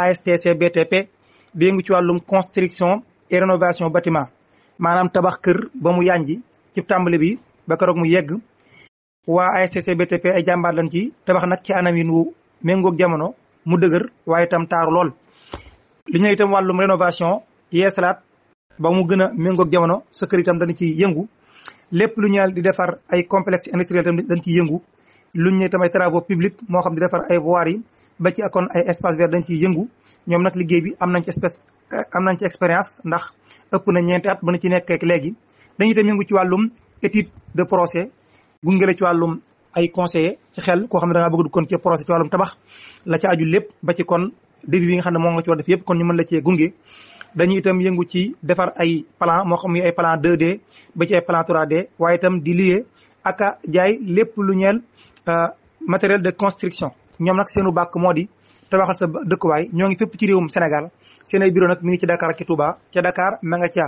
ASTC BTP di yëngu ci wàllum construction et rénovation bâtiment maanaam tabax kër ba mu yànji ci tàmbali bi ba keroog mu yegg waa ASTC BTP ay jàmbaar lañ ci tabax nag ci anam yi nu méngoog jamono mu dëgër waaye itam taaru lool. lu ñu itam wàllum rénovation yeesalaat ba mu gën a méngoog jamono sa kër itam dañ ciy yëngu lépp lu ñu di defar ay complexe industriel itam dañ ciy yëngu. lu ñu itam ay travaux publics moo xam di defar ay voirie yi ba ci kon ay espace vert dañ ciy yëngu ñoom nag liggéey bi am nañ ci espèce am nañ ci expérience ndax ëpp na ñeenti at mën na ci nekk ak léegi dañuy itam yëngu ci wàllum étude de procès gunge ci wàllum ay conseiller ci xel koo xam ne da ngaa du kon ci procès ci tabax la ca aju lépp ba ci kon début bi nga xam ne moo nga ci def yëpp kon ñu mën la cee gunge dañuy itam yëngu ci defar ay plan moo xam ay plan 2 ba ci ay plan 3D waaye itam di lié ak jaay lépp lu ñeel euh, matériel de construction ñoom nag seenu bàkk moo di tabaxal sa dëkkuwaay ñoo ngi fépp ci réewum Sénégal seen ay bureau nag mi ngi ci Dakar ak ci Touba ca Dakar ma nga ca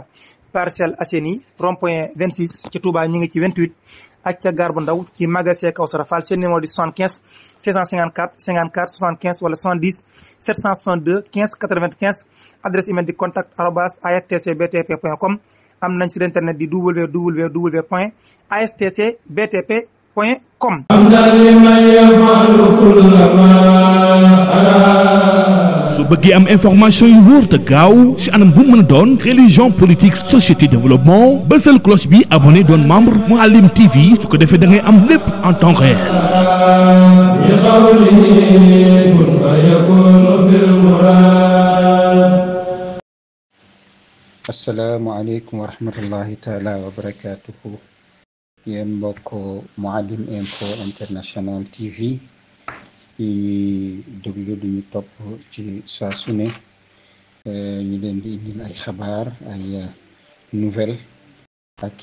Parcelles Assainies rond point 26 ca Touba ñu ngi ci 28 ak ca Gare bu Ndaw ci magasin Kawsara Fall seen numéro di 75 654 54 75 wala 70 762 15 95 adresse email di contact arobase aftcbtp point com am nañ site internet di www point aftcbtp point com su bëggee am information yu wóor te gaaw si anam bu mën a doon religion politique société développement bësal cloche bi abonné doon membre Mouhalim TV su ko defee da ngay am lépp en temps réel asalaamaaleykum wa rahmatullahi taala wa barakaatuhu yéen mbokk Mouhalim info international TV yi déglu du ñu topp ci saa su ne eh, ñu leen di indil ay xabaar ay eh, nouvelle ak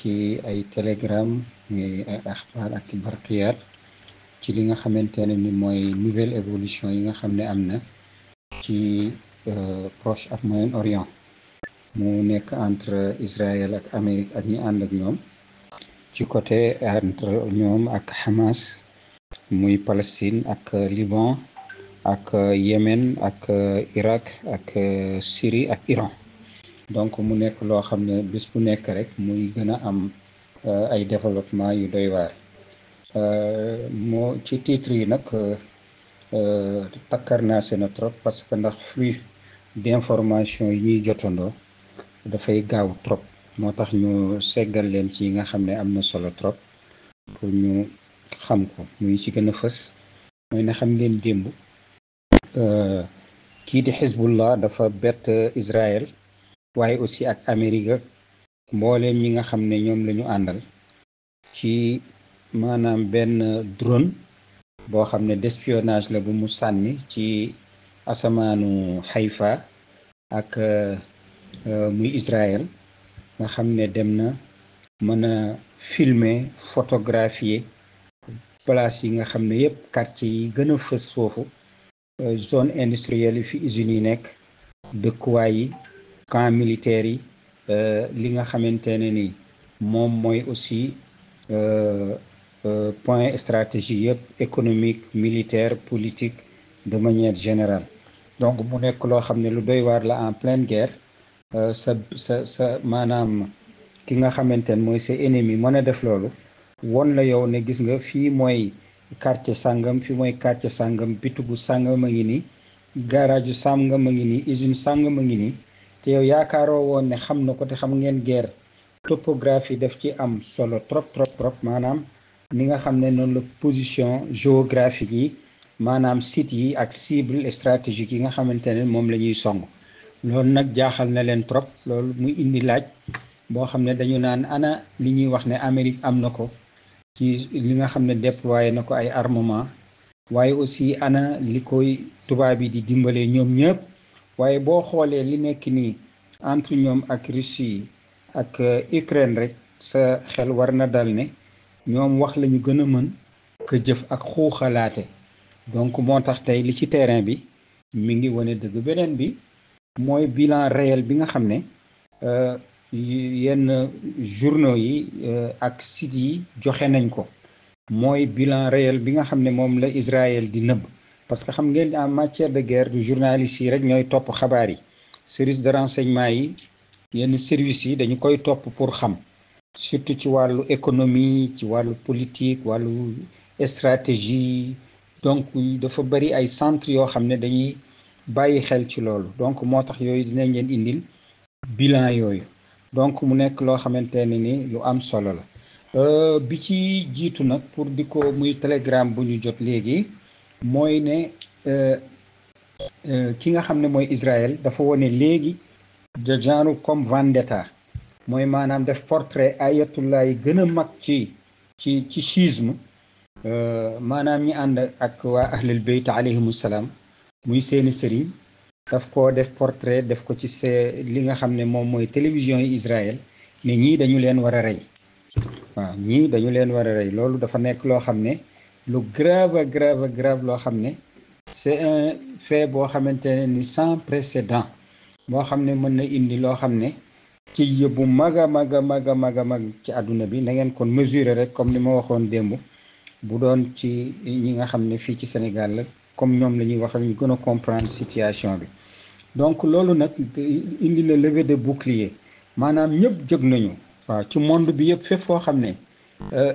ay télégramme eh, ay axbaar ak barqiyaat ci li nga xamante ne ni mooy nouvelle évolution yi nga xam ne am na ci proche ak Moyen-Orient mu nekk entre Israël ak Amérique ak ñi ànd ñoom. ci côté euh, entre ñoom ak Hamas muy Palestine ak euh, Liban ak euh, Yémen ak Irak ak Syrie ak Iran donc mu nekk loo xam ne bés bu nekk rek muy gën a am ay développement yu doy waar moo ci titre yi nag takkar naa seen trop parce que ndax flux d'information yi ñuy jotandoo dafay gaaw trop moo tax ñu seggal leen ci nga xam ne am na solo trop pour ñu xam ko muy ci gën a fës mooy ne xam ngeen démb euh, kii di Hezbollah dafa bett Israël waaye aussi ak ameriga mbooleem ñi nga xam ne ñoom lañu àndal ci maanaam benn drone boo xam ne d'espionnage la bu mu sànni ci asamaanu Haïfa ak euh, euh, muy Israël nga xam ne dem na mën a filmer photographier place yi nga xam ne yëpp quartier yi gën a fës foofu euh, zone industrielle yi fi usines yi nekk dëkkuwaay yi camp militaire yi euh, li nga xamante ne ni moom mooy aussi euh, point stratégie yëpp économique militaire politique de manière générale donc mu nekk loo xam ne lu doy waar la en pleine guerre Euh, sa sa sa maanaam ki nga xamante ne mooy sa ennemi mën a def loolu won la yow ne gis nga fii mooy quartier sàngam fii mooy quartier sàngam bitugu sàngam a ngi nii garage sàngam a ngi nii usine sàngam a ngi nii te yow yaakaaroo woon ne xam na ko te xam ngeen guerre topographie def ci am solo trop trop maanaam ni nga xam ne noonu la position géographique yi maanaam site yi ak cible stratégique yi nga xamante ne moom la ñuy song loolu nag jaaxal na leen trop loolu muy indi laaj boo xam ne dañu naan ana li ñuy wax ne Amérique am na ko ci li nga xam ne déployé na ko ay armement waaye aussi ana li koy tubaab yi di dimbalee ñoom ñëpp waaye boo xoolee li nekk nii entre ñoom ak Russie ak euh, Ukraine rek sa xel war na dal ne ñoom wax lañu gën a mën ko ak xuuxalaate donc moo tax tey li ci terrain bi mu ngi wane dëgg beneen bi mooy bilan réel bi nga xam ne euh, yenn journaux yi euh, ak sites yi joxe nañ ko mooy bilan réel bi nga xam ne moom la Israël di nëbb parce que xam ngeen en matière de guerre du journalistes yi rek ñooy topp xabaar yi service de renseignement yi yenn services yi dañu koy topp pour xam surtout ci wàllu économie ci wàllu politique wàllu stratégie donc dafa bari ay centres yoo xam ne dañuy bàyyi xel ci loolu donc moo tax yooyu dinañ leen indil bilan yooyu donc mu nekk loo xamante ne ni lu am solo la euh, bi ci jiitu nag pour di ko muy télégramme bu ñu jot léegi mooy ne euh, euh, ki nga xam ne mooy Israël dafa wone léegi de genre comme vendetta mooy maanaam def portrait ayatullah yi gën a mag ci ci ci schisme maanaam ñi ànd ak waa ahlul beyt alayhimu salaam muy seeni sëriñ daf ko def portrait def ko ci see li nga xam ne moom mooy télévision yi Israël ne ñii dañu leen war a rey waaw ñii dañu leen war a rey loolu dafa nekk loo xam ne lu grave grave grave loo xam ne c'est un fait boo xamante ne ni sans précédent boo xam ne mën na indi loo xam ne ci yëbbu mag a mag a mag a mag mag ci àdduna bi na kon mesurer rek comme ni ma waxoon démb bu doon ci ñi nga xam ne fii ci Sénégal comme ñoom la ñuy wax ñu gën a comprendre situation bi donc loolu nag indi na levée de bouclier maanaam ñëpp jóg nañu waaw ci monde bi yëpp fépp foo xam ne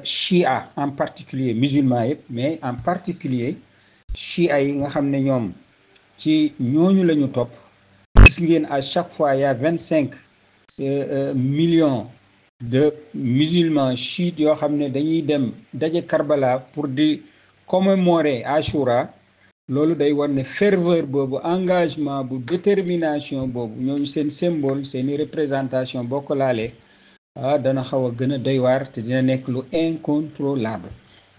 chia euh, en particulier musulman yëpp mais en particulier chia yi nga xam ne ñoom ci ñooñu la ñu topp gis ngeen à chaque fois y a vingt cinq euh, euh, millions de musulmans chiites yoo xam ne dañuy dem daje Karbala pour di commémorer Ashura loolu day war ne ferveur boobu engagement bu détermination boobu ñooñu seen symbole seeni représentation boo ko laalee ah dana xaw a gën a doy waar te dina nekk lu incontrôlable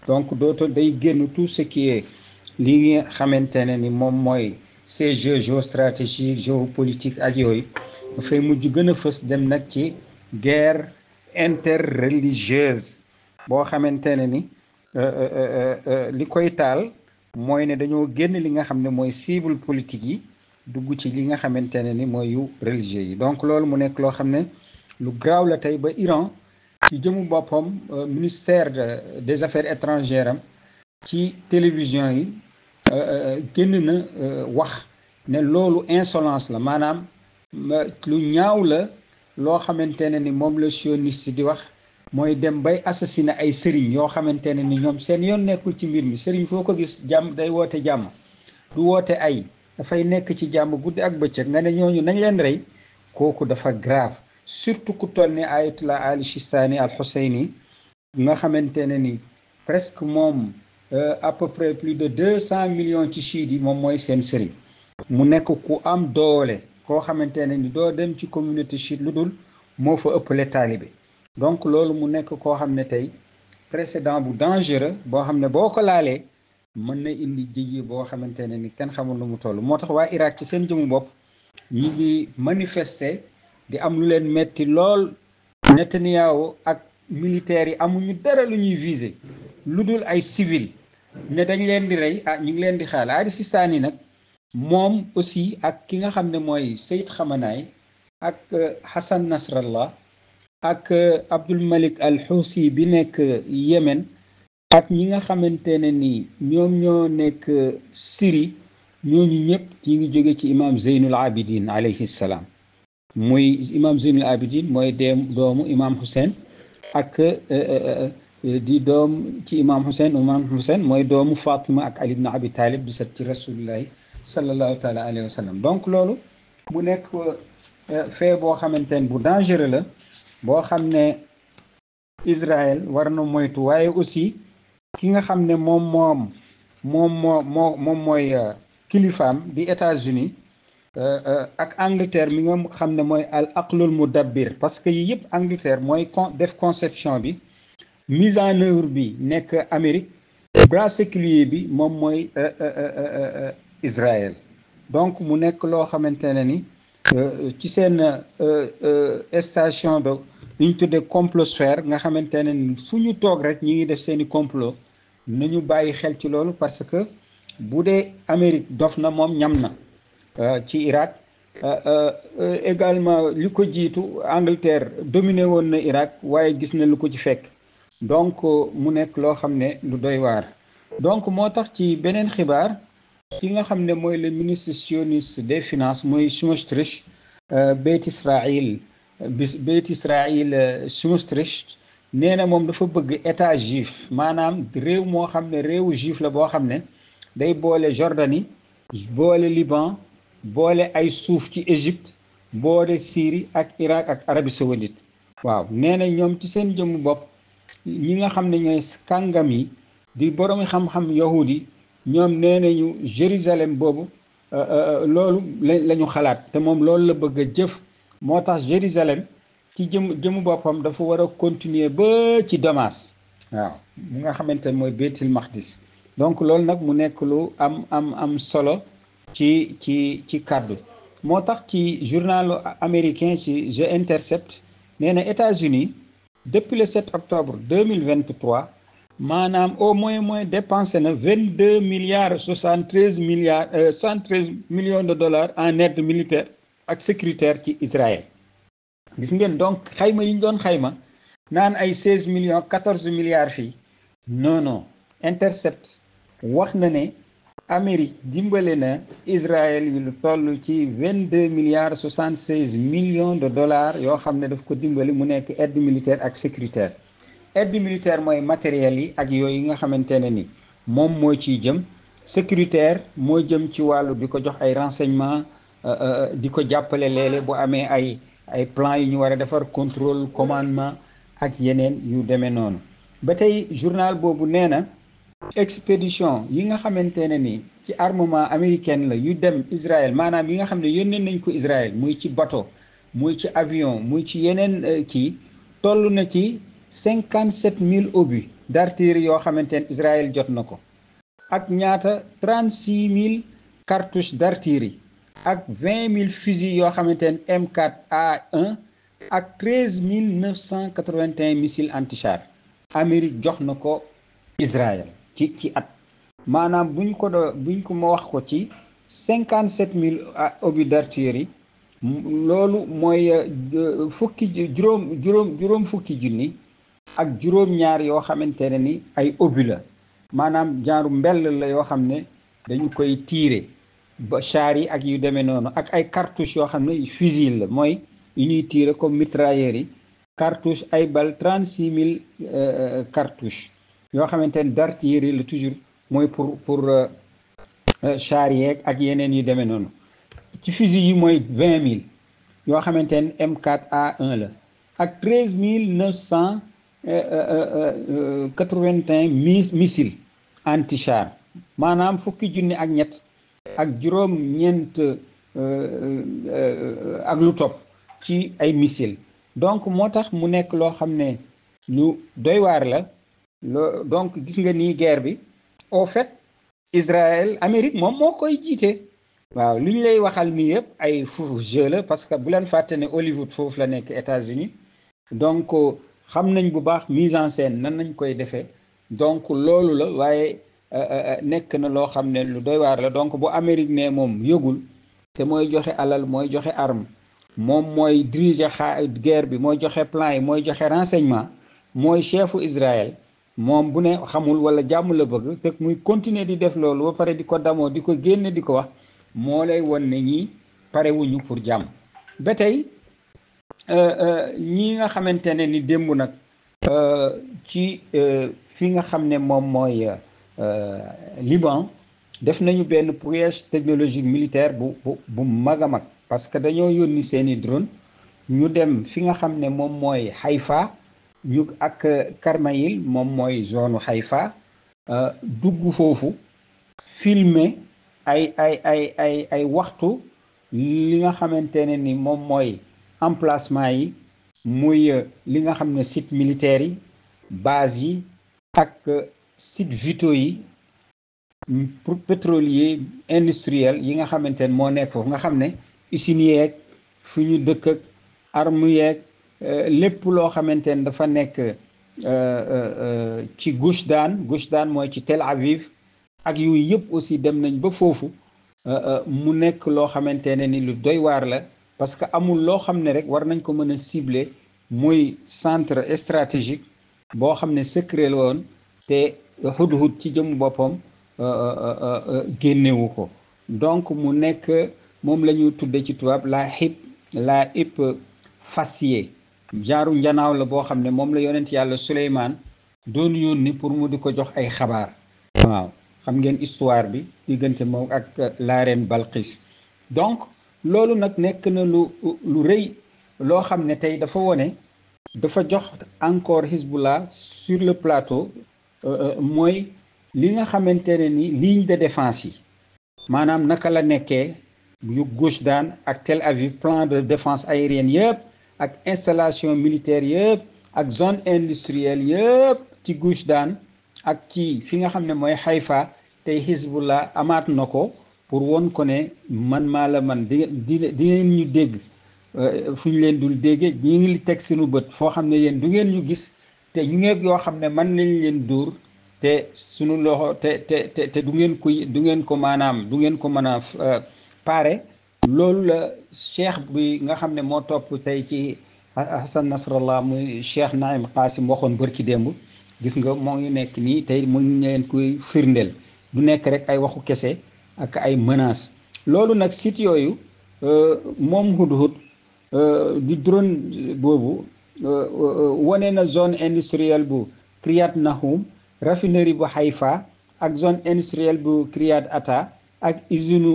donc dootoo day génn tout ce qui est li ngi xamante ne ni moom mooy ces jeux géostratégiques géopolitique ak yooyu dafay mujj gën a fës dem nag ci guerre interreligieuse boo xamante ne ni euh, euh, euh, li koy taal mooy ne dañoo génn li nga xam ne mooy cible politique yi dugg ci li nga xamante ne ni mooy yu religieux yi donc loolu mu nekk loo xam ne lu garaaw la tey ba Iran ci jëmu boppam euh, ministère des affaires étrangères am ci télévision yi euh, euh, génn na wax ne loolu insolence la maanaam lu ñaaw la loo xamante ne ni moom la sioniste di wax mooy dem bay na ay sëriñ yoo xamante ne ni ñoom seen yoon nekkul ci mbir mi sëriñ foo ko gis jàmm day woote jàmm du woote ay dafay nekk ci jàmm guddi ak bëccëg nga ne ñooñu nañ leen rey kooku dafa grave surtout ku toll ni ayatullah ali Sistani al Husseini nga xamante ne ni presque moom euh, à peu près plus de deux cent millions ci chiites yi moom mooy seen sëriñ mu nekk ku am doole koo xamante ne ni doo dem ci communauté chiite lu dul moo fa ëppale bi donc loolu mu nekk koo xam ne tey précédent bu dangereux boo xam ne boo ko laalee mën na indi jëye boo xamante ne ni kenn xamul lu mu toll moo tax waa Irak ci seen jëmu bopp ñi ngi manifester di am lu leen metti lool Netanyahu ak militaires yi amuñu dara lu ñuy viser lu dul ay civil ne dañ leen di rey ah ñu ngi leen di xaal si sànni nag moom aussi ak ki nga xam ne mooy seyt Xamanaay ak euh, Hassan Nasrallah ak eh, Abdul Malik al Xuusi bi nekk eh, Yemen ak ñi nga xamante ne ni ñoom ñoo nekk eh, Syrie ñooñu ñëpp ñi ngi jóge ci imam Zeynul Abidin alayhi salaam muy imam Zeynul mooy doomu imam Hussein ak di doom ci imam Hussein imam Hussein mooy doomu Fatima ak Ali ibn Abi Talib di sët ci rasulillahi sallallahu taala alayhi wa donc loolu mu nekk fee boo xamante ne bu dangereux la boo xam ne Israël war na moytu waaye aussi ki nga xam ne moom moom moom moo moo moom mooy euh, kilifaam di États-Unis euh, euh, ak Angleterre mi nga xam ne mooy al aqlul mudabbir parce que yii yëpp Angleterre mooy def conception bi mise en œuvre bi nekk Amérique bras séculier bi moom mooy Israël donc mu nekk loo xamante ne ni Euh, ci seen euh, euh, station de li ñu tuddee complosphère nga xamante ne fu ñu toog rek ñi ngi def seeni i complot nañu bàyyi xel ci loolu parce que bu dee Amérique dof na moom ñam na ci Irak également li ko jiitu Angleterre dominé woon na Irak waaye gis na lu ko ci fekk donc mu nekk loo xam ne lu doy waar donc moo tax ci beneen xibaar ki nga xam ne mooy le ministre sioniste des finance mooy Smotrich euh, Beit Israël Beit Israël euh, Smotrich nee na moom dafa bëgg état juif maanaam réew moo xam ne réewu juif la boo xam ne day boole Jordanie boole Liban boole ay suuf ci Égypte boole Syrie ak Irak ak Arabie saoudite waaw nee na ñoom ci seen jëmm bopp ñi nga xam ne ñooy kàngam yi di boroomi xam-xam yahudi ñoom nee nañu Jérusalem boobu euh, euh, euh, loolu la ñu xalaat te moom loolu la bëgg a jëf moo tax Jérusalem ci jëm jëmu boppam dafa war a continuer ba ci Damas waaw mu nga xamante ne mooy Beytul Maqdis donc loolu nag mu nekk lu am am am solo ci ci ci kàddu moo tax ci journal américain ci The Intercept nee na États-Unis depuis le 7 octobre 2023 maanaam au moins moins dépensé na vingt deux milliards soixante treize milliards euh, soixante de dollars en aide militaire ak sécuritaire ci Israël gis ngeen donc xayma yi ñu doon xayma naan ay seize millions quatorze milliards fii non non Intercept wax na ne Amérique dimbale na Israël yu lu toll ci vingt deux milliards soixante seize millions de dollars yoo xam ne daf ko dimbali mu nekk aide militaire ak sécuritaire. aide militaire mooy matériel yi ak yooyu nga xamante ne ni moom moo ciy jëm sécuritaire mooy jëm ci wàllu di ko jox ay renseignement euh, euh, euh, di ko jàppale léeg bu amee ay ay plan yu ñu war a defar contrôle commandement ak yeneen yu demee noonu ba tey journal boobu nee na expédition yi nga xamante ne ni ci armement américaine la yu dem Israël maanaam yi nga xam ne yónnee nañ ko Israël muy ci bateau muy ci avion muy ci yeneen kii toll na ci cinquante sept mille obus d'artillerie yoo xamante ne Israël jot na ko ak ñaata trente six mille cartouches d'artillerie ak vingt mille fusils yoo xamante ne M4 A1 ak treize mille neuf cent quatre vingt et un missiles Amérique jox na ko Israël ci ci at maanaam buñ ko do buñ ko ma wax ko ci cinquante sept mille obus d'artillerie loolu mooy euh, fukki juróom juróom juróom fukki junni ak juróom-ñaar yoo xamante ne ni ay obus la maanaam genre mbell la yoo xam ne dañu koy tiire ba char yi ak yu demee noonu ak ay cartouches yoo xam ne fusil la mooy yu ñuy tiire comme mitrailleurs yi cartouche ay bal trente six mille euh, cartouches yoo xamante ne d'artillerie la toujours mooy pour pour euh, euh, char yeeg ak yeneen yu demee noonu ci fusil yi mooy vingt mille yoo xamante ne M4A1 la ak Euh, euh, euh, quatre-vingt-un missile antichar maanaam fukki junni ak ñett ak juróom ñeent ak lu top ci ay missile donc moo tax mu nekk loo xam ne ñu doy waar la loo donc gis nga ni guerre bi au fait Israël Amérique moom moo koy jiite waaw li ñu lay waxal mi yëpp ay foofu jeu la parce que bu leen fàtte ne Hollywood foofu la nekk États-Unis donc xam nañ bu baax mise en scène nan nañ koy defee donc loolu la waaye euh, euh, euh, nekk na loo xam ne lu doy waar la donc bu Amérique ne moom yëgul te mooy joxe alal mooy joxe arm moom mooy diriger xaa guerre bi mooy joxe plan yi mooy joxe renseignement mooy chefu Israël moom bu ne xamul wala jàmm la bëgg te muy continuer di def loolu ba pare di ko damoo di ko génne di ko wax moo lay won ne ñi parewuñu pour jàmm ba Euh, euh, ñi nga xamante ne ni démb nag euh, ci fi nga xam ne moom mooy Liban def nañu benn prouesse technologique militaire bu bu bu mag a mag parce que dañoo yónni seeni drone ñu dem fi nga xam ne moom mooy xayfa ñu ak Karmaïl moom mooy zone xayfa dugg foofu filme ay ay ay ay ay waxtu li nga xamante ne ni moom mooy emplacement yi muy euh, li nga xam ne site militaire yi base yi ak euh, site vito yi petrolier industriel yi nga xamante ne moo nekk nga xam ne usines yeeg fu ñu dëkk ak armes yeeg euh, lépp loo xamante ne dafa nekk ci Gush Daan Gush Daan mooy ci Tel Aviv ak yooyu yëpp aussi dem nañ ba foofu mu nekk loo xamante ne ni lu doy waar la parce que amul loo xam ne rek war nañ ko mën a cibler muy centre stratégique boo xam ne secret la woon te hudhud ci jëmu boppam euh, euh, euh, génnewu ko donc mu nekk moom la ñu tudde ci tubaab laa hip laa hip fascier genre njanaaw la boo xam ne moom la yonent yàlla Suleymaan doon yónni pour mu di ko jox ay xabaar waaw xam ngeen histoire bi diggante moom ak laareen Balqis donc loolu nag nekk na lu lu rëy loo xam ne tey dafa wone dafa jox encore Hezbollah sur le plateau euh, euh, mooy li nga xamante ne ni ligne de défense yi maanaam naka la nekkee yu daan ak Tel Aviv plan de défense aérienne yëpp ak installation militaire yëpp ak zone industrielle yëpp ci Goujdan ak ci fi nga xam ne mooy xayfa tey Hezbollah amaat na ko pour won ko ne man maa la man di di ngeen ñu dégg euh, fu ñu leen dul déggee ñu ngi teg suñu bët foo xam ne yéen du ngeen ñu gis te ñu ngeeg yoo xam ne man lañ leen dóor te suñu loxo te te du ngeen ko du ngeen ko maanaam du ngeen ko mën a euh, pare loolu la cheikh bi nga xam ne moo topp tey ci Hassan Nasrallah muy cheikh Naim Qasim waxoon bërki démb gis nga moo ngi nekk nii tey mu ngi leen koy firndeel du nekk rek ay waxu kese ak ay menaces loolu nag site yooyu euh, moom Hudhud euh, di drone boobu euh, wane na zone industrielle bu Kiryat Nahum raffinerie bu Haïfa ak zone industrielle bu Kiryat Atta ak usine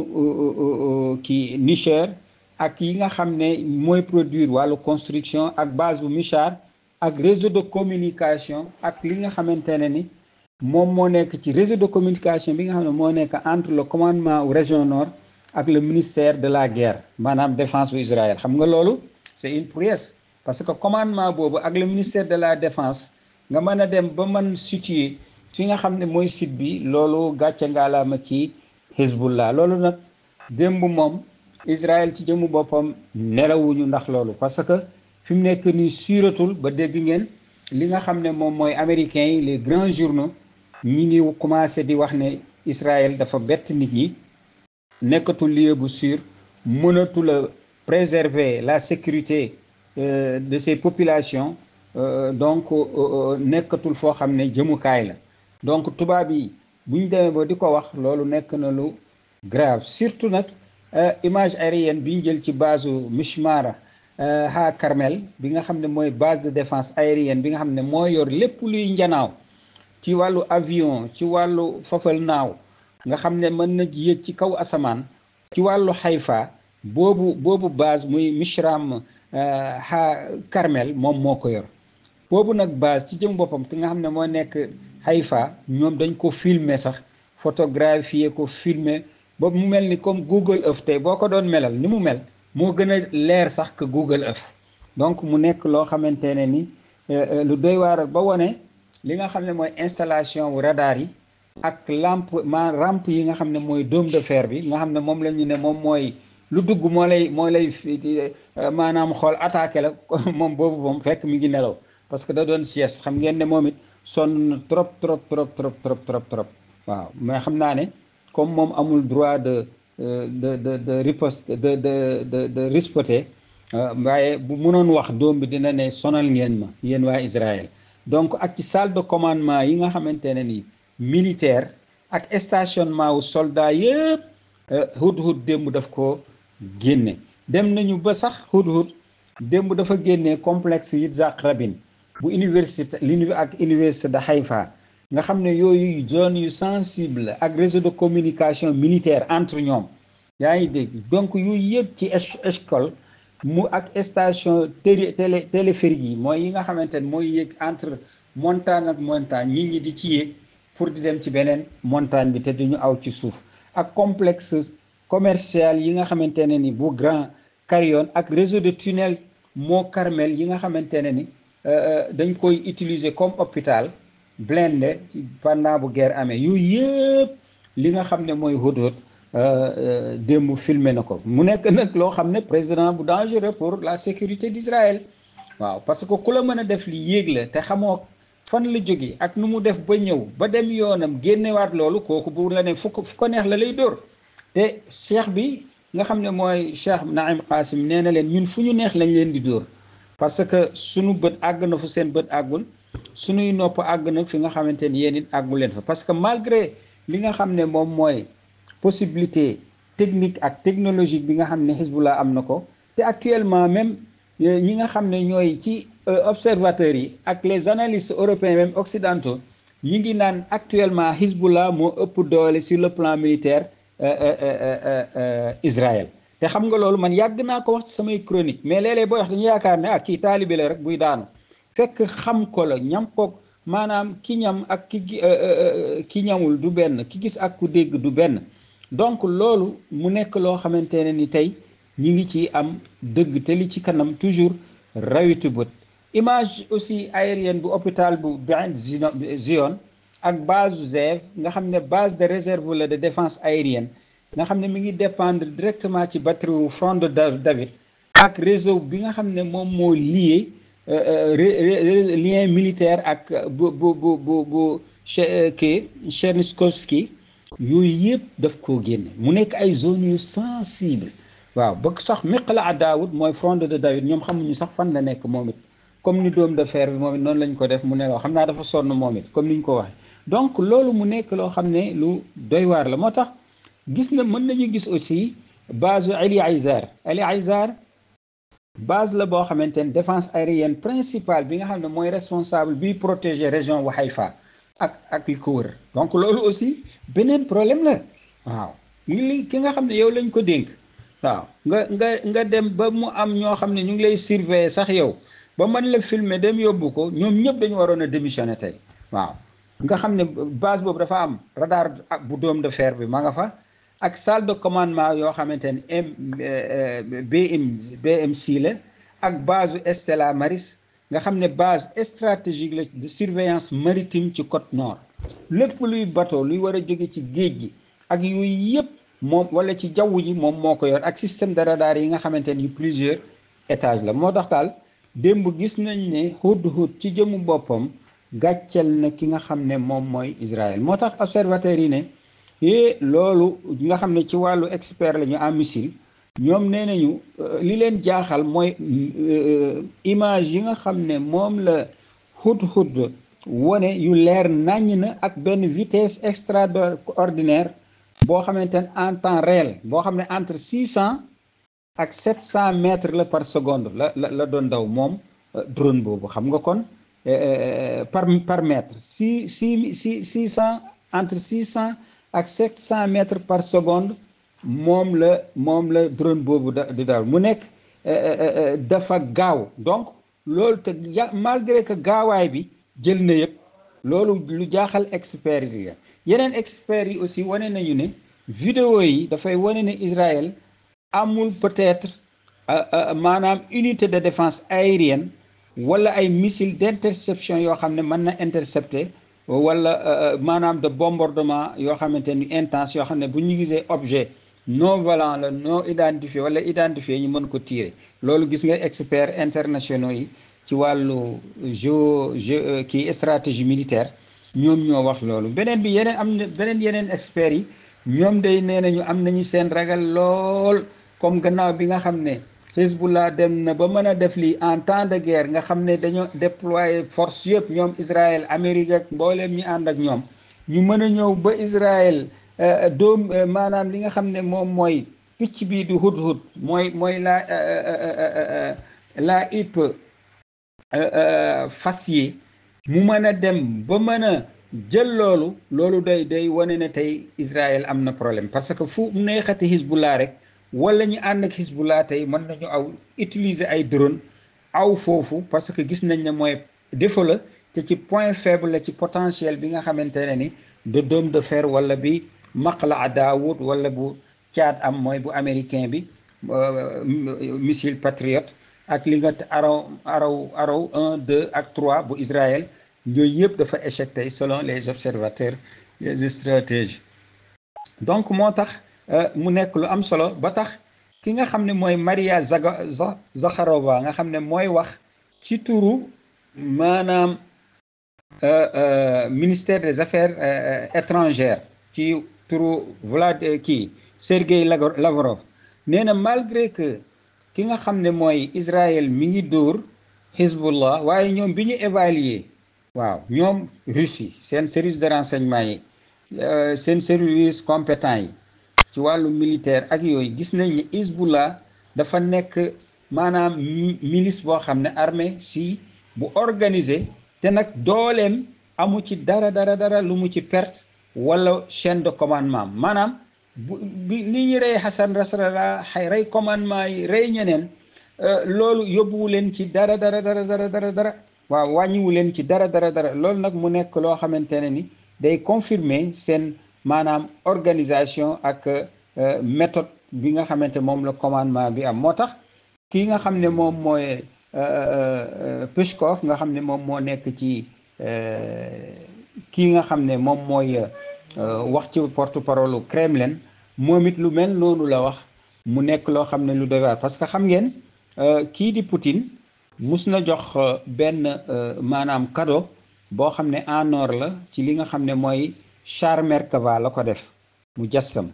kii Nicher ak yi nga xam ne mooy produire wàllu construction ak base bu Michar ak réseau de communication ak li nga xamante ne ni moom moo nekk ci réseau de communication bi nga xam ne moo nekk entre le commandement région nord ak le ministère de la guerre maanaam défense bu Israël xam nga loolu c'est une prouesse parce que commandement boobu ak le ministère de la défense nga mën a dem ba mën situer fi nga xam ne mooy site bi loolu gàcce ngaalaama ci Hezbollah loolu nag démb moom Israël ci jëmu boppam nelawuñu ndax loolu parce que fi mu nekk nii suuratul ba dégg ngeen li nga xam ne moom mooy américains les grands journaux ñu ngi commencé di wax ne Israël dafa bett nit ñi nekkatul lieu bu sûr mënatul a la sécurité euh, de ses populations euh, donc euh, nekkatul foo xam ne jëmukaay la donc tubaab yi bu ñu demee ba di ko wax loolu nekk na lu grave surtout nag image aérienne bi ñu jël ci base Mishmara ha Carmel bi nga xam ne mooy base de défense aérienne bi nga xam ne moo yor lépp luy njanaaw ci wàllu avion ci wàllu fafal naaw nga xam ne mën na yéeg ci kaw asamaan ci wàllu xayfa boobu boobu base muy mishram euh, ha Carmel moom moo ko yor boobu nag base ci jëm boppam te nga xam ne moo nekk xayfa ñoom dañ ko filmer sax photographier ko filmer ba mu mel ni comme Google Earth tey boo ko doon melal ni mu mel moo gën a leer sax que Google Earth donc mu nekk loo xamante ne ni euh, euh, lu doy waaral ba wone li nga xam ne mooy installation wu radar yi ak làmp ma rampe yi nga xam ne mooy doom de fer bi nga xam ne moom la ñu ne moom mooy lu dugg moo lay moo lay euh, maanaam xool attaqué la moom boobu moom fekk mi ngi nelaw parce que da doon sieste xam ngeen ne moom it sonn trop trop trop trop trop trop trop waaw mais xam naa ne comme moom amul droit de euh, de de de riposte de de de de riposter euh, waaye bu mënoon wax doom bi dina ne sonal ngeen ma yéen waa Israël. donc ak ci sale de commandement yi nga xamante ne ni militaire ak stationnement wu soldat yëpp hudhud euh, démb daf ko génne dem nañu ba sax hudhud démb dafa génne complexe Yitzhak Rabin bu université l'univ ak université de Haïfa nga xam ne yooyu zone yu sensible ak réseau de communication militaire entre ñoom yaa ngi dégg donc yooyu yëpp ci école mu ak station télé yi mooy yi nga xamante ni mooy yéeg entre montagne ak montagne nit ñi di ci yéeg pour di dem ci beneen montagne bi te duñu aw ci suuf ak complex commercial yi nga xamante ne ni bu Grand Carillon ak réseau de tunnel moo Carmel yi nga xamante ne ni euh, euh, dañ koy utiliser comme hôpital blindé pendant bu guerre amee yooyu yëpp li nga xam ne mooy hudhud Euh, euh, démb filmé na ko mu nekk nag loo xam ne président bu dangereux pour la sécurité d'Israël waaw parce que ku la mën a def li yéeg la te xamoo fan la jóge ak nu mu def ba ñëw ba dem yoonam génnewaat loolu kooku bu la ne fu ko neex la lay dóor te cheikh bi nga xam ne mooy cheikh Naim Qasim nee na leen ñun fu ñu neex lañ leen di dóor parce que suñu bët àgg na fu seen bët àggul suñuy nopp àgg na fi nga xamante ni yéen àggu leen fa parce que malgré li nga xam ne moom mooy possibilité technique ak technologie bi nga xam ne Hezbollah am na ko te actuellement même euh, ñi nga xam ne ñooy ci euh, observateurs yi ak les analystes européens même occidentaux ñi ngi naan actuellement Hezbollah moo ëpp doole sur le plan militaire euh, Israël te xam nga loolu man yàgg naa ko wax ci samay chronique mais léeg-léeg booy wax dañu yaakaar ne ak ah, kii taalibe la rek buy daanu fekk xam ko la ñam ko maanaam ki ñam ak ki ki ñamul du benn ki gis ak ku dégg du benn donc loolu mu nekk loo xamante ne ni tey ñi ngi ci am dëgg te li ci kanam toujours rawitu bët image aussi aérienne bu hôpital bu Ben Zion ak base ZEV nga xam ne base de réserve la de défense aérienne nga xam ne mi ngi dépendre directement ci batterie wu front de David ak réseau bi nga xam ne moom moo lié euh, euh, lien militaire ak bu bu bu bu bu euh, Cherniskowski yooyu yëpp daf koo génne mu nekk ay zones yu sensible waaw ba sax la Daawud mooy fronde de David ñoom xamuñu sax fan la nekk moom it comme ni dôme de fer bi moom it noonu lañ ko def mu ne loo xam naa dafa sonn moom it comme ni ko waxee donc loolu mu nekk loo xam ne lu doy waar la moo tax gis na mën nañu gis aussi base Ali Aizar Ali Aizar base la boo xamante ne défense aérienne principale bi nga xam ne mooy responsable bi protéger région wu Haïfa ak ak li ko wër donc loolu aussi beneen problème la waaw li ki nga xam ne yow lañ ko dénk waaw nga nga nga dem ba mu am ñoo xam ne ñu ngi lay surveiller sax yow ba man la filmer dem yóbbu ko ñoom ñëpp dañu waroon a démissionner tey waaw nga xam ne base boobu dafa am radar bu doom de fer bi ma nga fa ak salle de commandement yoo xamante ne euh, euh, BM BMC la ak base Stella Maris nga xam ne base stratégique la de surveillance maritime ci côte nord lépp luy bateau luy war a jóge ci géej gi ak yooyu yëpp moom wala ci jaww ji moom moo ko yor ak système de radar yi nga xamante ni plusieurs étages la moo tax daal démb gis nañ ne hudhud ci jëmu boppam gàccel na ki nga xam ne moom mooy Israël moo tax observateurs yi ne eh loolu nga xam ne ci wàllu expert la ñu en missile ñoom nee nañu euh, li leen jaaxal mooy euh, image yi nga xam ne moom la hudhud wone yu leer naññ na ak benn vitesse extraordinaire boo xamante ne en temps réel boo xam ne entre six cent ak sept cent mètres la par seconde la la doon daw moom euh, drone boobu xam nga kon par par mètre six six six six cent entre six cent ak sept cent mètres par seconde moom la moom la drone boobu di daal mu nekk eh, eh, eh, dafa gaaw donc loolu te malgré que gaawaay bi jël na yëpp loolu lu jaaxal experts yi yeneen experts yi aussi wane nañu ne vidéo yi dafay wane ne Israël amul peut-être euh, euh, maanaam unité de défense aérienne wala ay missile d'interception yoo xam ne mën na intercepter wala euh, maanaam de bombardement yoo xamante ni intense yoo xam ne bu ñu gisee objet non violent la non identifié wala identifié ñu mën ko tirer loolu gis nga experts internationaux yi ci wàllu géo euh, kii stratégie militaire ñoom ñoo wax loolu beneen bi yeneen am beneen yeneen experts yi ñoom day nee nañu am nañu seen ragal lool comme gannaaw bi nga xam ne Hezbollah dem na ba mën a def lii en temps de guerre nga xam ne dañoo déployer force yëpp ñoom Israël Amérique mbooleem mboolem ñi ànd ak ñoom ñu mën a ñëw ba Israël. Euh, euh, doom euh, maanaam li nga xam ne moom mooy picc bii di hudhud mooy mooy la laa ip fas yi mu mën a dem ba mën a jël loolu loolu day day wane ne tey Israël am na problème parce que fu neexati Hezbollah rek wala ñu ànd ak Hezbollah tey mën nañu aw utiliser ay drone aw foofu parce que gis nañ ne mooy défaut la te ci point faible la ci potentiel bi nga xamante ne ni de dôme de fer wala bi maqlaa Daawud wala bu caat am mooy bu américain bi euh, missile Patriot ak li nga araw araw araw un deux ak trois bu Israël yooyu yëpp dafa échec tey les observateurs les stratèges donc moo tax euh, mu nekk lu am solo ba tax ki nga xam ne mooy Maria Zakharova nga xam ne mooy wax ci turu maanaam euh, ministère des affaires étrangères ci turu Vlad eh, kii Sergei Lavrov nee na malgré que ki nga xam ne mooy Israël mi ngi dóor Hezbollah waaye ñoom bi ñu évaluer waaw ñoom Russie seen service de renseignement yi euh, seen service compétent yi ci wàllu militaire ak yooyu gis nañ ne Hezbollah dafa nekk maanaam milice boo xam ne armée si bu organisé te nag dooleem amu ci dara dara dara lu mu ci perte wala chaîne de commandement maanaam bu bi ni ñu rey Hassan Nasrallah rey commandement yi rey ñeneen euh, loolu yóbbuwu leen ci dara dara dara dara dara waaw wàññiwu leen ci dara dara dara loolu nag mu nekk loo xamante ne ni day confirmer seen maanaam organisation ak euh, méthode bi nga xamante moom la commandement bi am moo tax kii nga xam ne moom mooy euh, Peskov nga xam ne moom moo nekk ci kii nga xam ne moom mooy euh, wax ci porte parole Kremlin moom it lu mel noonu la wax mu nekk loo xam ne lu doy parce que xam ngeen euh, kii di Poutine mus na jox euh, benn maanaam kado boo xam ne en or la ci li nga xam ne mooy char Merkava la ko def mu jassam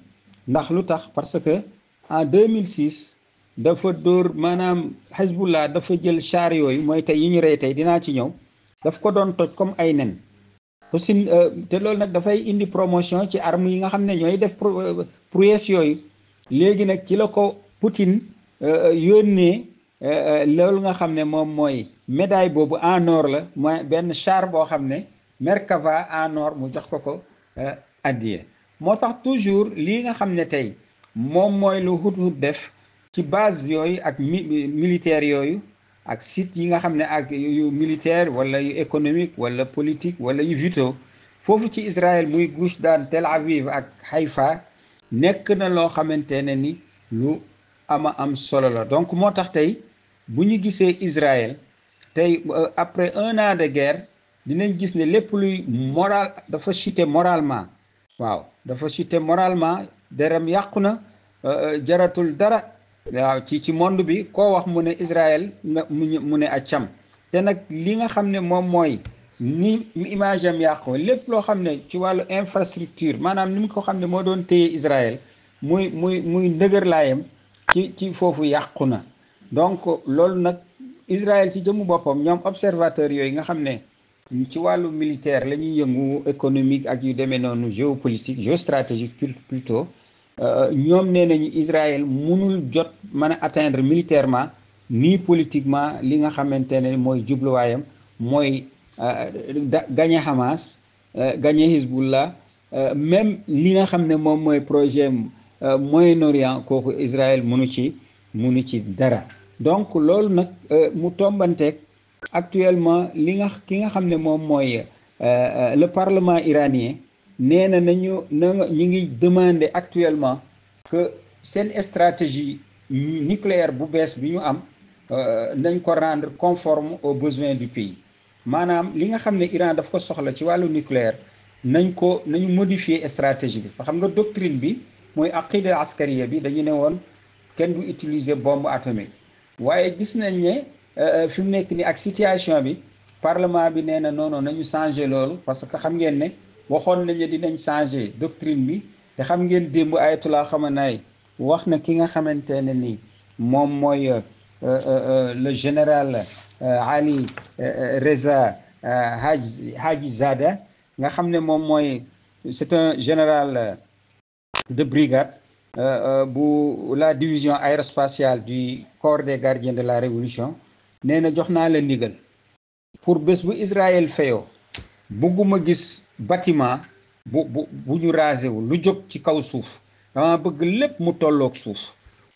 ndax lu tax parce que en deux 2006 dafa dóor maanaam Hezbollah dafa jël char yooyu mooy tey yi ñu rey tey dinaa ci ñëw daf ko doon toj comme ay nen possible euh, te loolu nag dafay indi promotion ci arme yi nga xam ne ñooy def euh, prouesse yooyu léegi nag ci la ko Poutine euh, yónnee loolu nga xam ne moom mooy médaille boobu en or la mooy benn char boo xam ne Merkava en or mu jox ko ko addiye moo tax toujours lii nga xam ne tey moom mooy lu Houthi def ci base yooyu ak militaire yooyu ak site yi nga xam ne ak yu militaire wala yu économique wala politique wala yu vito foofu ci Israël muy Gush Dan Tel Aviv ak xayfa nekk na loo xamante ne ni lu ama am solo la donc moo tax tey bu ñu gisee Israël tey euh, après un an de guerre dinañ gis ne lépp luy moral dafa chuté moralement waaw dafa chuté moralement deram yàqu na euh, euh, jaratul dara waaw ci ci monde bi koo wax mu ne Israël nga mu ne accam te nag li nga xam ne moom mooy ni image am lépp loo xam ne ci wàllu infrastructure maanaam ni mu ko xam ne moo doon téye Israël muy muy muy ndëgër laayam ci ci foofu yàqu na donc loolu nag Israël ci jëmu boppam ñoom observateur yooyu nga xam ne ci wàllu militaire la ñuy yëngu économique ak yu demee noonu géopolitique géostratégique plutôt Euh, ñoom nee nañu Israël munul jot mën a atteindre militairement nii politiquement li nga xamante ne mooy jubluwaayam mooy euh, gañe Hamas euh, gañe Hezbollah même li nga xam ne moom mooy projet Moyen-Orient kooku Israël munu ci munu ci dara donc loolu nag mu tombanteeg actuellement li nga ki nga xam ne moom mooy le parlement iranien nee na nañu na ñu ngi demander actuellement que seen stratégie nucléaire bu bees bi ñu am euh, nañ ko rendre conforme aux besoins du pays maanaam li nga xam ne Iran daf ko soxla ci wàllu nucléaire nañ ko nañu modifier stratégie bi xam nga doctrine bi mooy aqida askariya bi dañu ne woon kenn du utiliser bombe atomique waaye gis nañ ne euh, fi mu nekk ni ak situation bi parlement bi nee na non nañu changer loolu parce que xam ngeen ne waxoon nañ ne dinañ changer doctrine bi te xam ngeen démb ayatullah Khamenei wax na ki nga xamante ne ni moom mooy euh, euh, euh, le général Ali Reza Haji Haji Zada nga xam ne moom mooy c'est un général de brigade bu la division aérospatiale du corps des gardiens de la révolution nee na jox naa la ndigal pour bés bu Israël fayoo bëgguma gis batiment bu bu bu ñu rasé wu lu jóg ci kaw suuf dama bëgg lépp mu tolloog suuf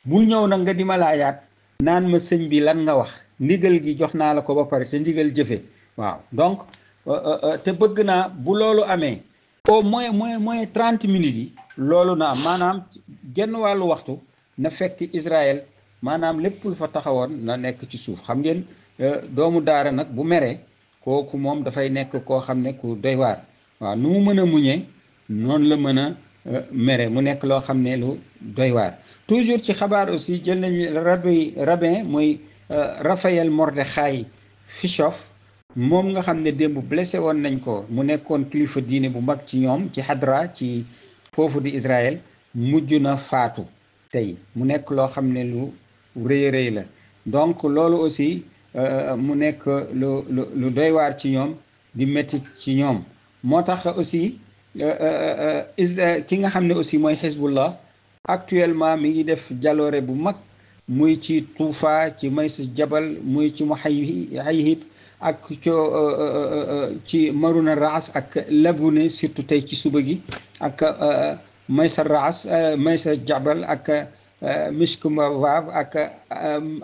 bul ñëw nag nga di ma yaat naan ma sëñ bi lan nga wax ndigal gi jox naa la ko ba pare te ndigal jëfe waaw donc euh, euh, euh, te bëgg naa bu loolu amee au moins moins moins trente minutes yi loolu na am maanaam genn wàllu waxtu na fekk Israël maanaam lépp lu fa taxawoon na nekk ci suuf xam ngeen doomu daara nag bu meree kooku moom dafay nekk koo xam ne ku doy waaw nu mu mën a muñee noonu la mën a euh, mere mu nekk loo xam ne lu doy toujours ci xabaar aussi jël nañ rabi rabbin mooy morde xay Fichof moom nga xam ne démb blessé woon nañ ko mu nekkoon kilifa diine bu mag ci ñoom ci hadra ci foofu di Israël mujj na faatu tey mu nekk loo xam ne lu rëy rëy la donc loolu aussi Euh, mu nekk lu lu lu ci ñoom di métti ci ñoom moo tax aussi euh, euh, is ki nga xam ne aussi mooy Hezbollah actuellement mi ngi def jaloore bu mag muy ci Tuufa ci Mays Jabal muy ci Muhayhib ak co ci Maruna Raas ak Labune surtout tey ci suba gi ak Maysa Raas Maysa Jabal ak Mishk Mavav ak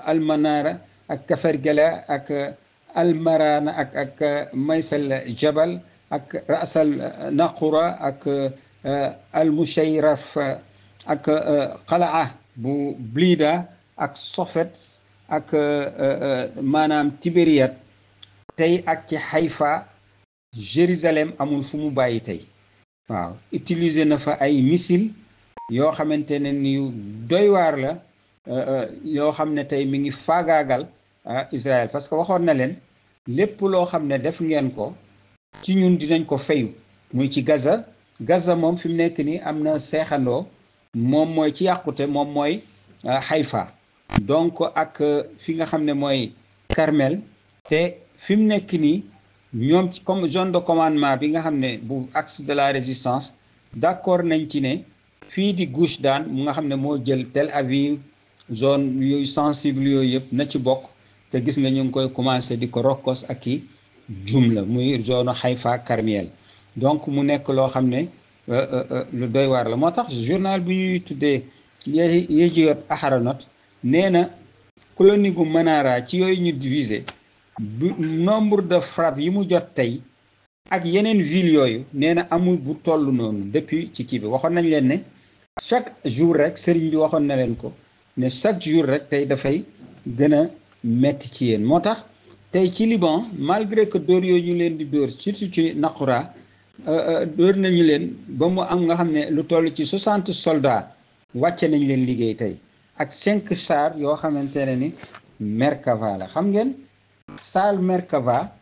Almanara ak kafargela ak almarana ak ak maysal jabal ak rasal naqura ak eh, almushayraf ak eh, qalaa bu blida ak sofet ak eh, maanaam tibériyat tey ak ci xayfa jérusalem amul fu mu bàyyi tey waaw utiliser na fa ay missile yoo xamante ne ni doy waar yoo xam ne tey mi ngi faagaagal Israël parce que waxoon na leen lépp loo xam ne def ngeen ko ci ñun dinañ ko fayu muy ci Gaza Gaza moom fi mu nekk nii am na seexandoo moom mooy ci yàqute moom mooy xayfa euh, donc ak euh, fi nga xam ne mooy karmel te fi mu nekk nii ñoom ci comme zone de commandement bi nga xam ne bu axe de la résistance d'accord nañ ci ne fii di Gush daan mu nga xam ne moo jël Tel Aviv zone yooyu sensible yooyu yëpp na ci bokk te gis nga ñu ngi koy commencé di ko rokkos ak i la muy zone Haïfa Karmiel donc mu nekk loo xam ne euh, euh, euh, lu doy waar la moo tax journal bi ñuy tuddee Yediot Aharonot nee na colonie gu Manara ci yooyu ñu divisé bu nombre de frappe yi mu jot tey ak yeneen ville yooyu nee na amul bu toll noonu depuis ci kii bi waxoon nañ leen ne chaque jour rek sëriñ bi waxoon na leen ko ne chaque jour rek tey dafay gën metti ci yéen moo tax tey ci Liban malgré que dóor yooyu ñu leen di dóor surtout ci Naqoura euh, euh, dóor nañu leen ba mu am nga xam ne lu toll ci soixante solda wàcce nañ leen liggéey tey ak cinq chars yoo xamante ne ni Merkava la xam ngeen char Merkava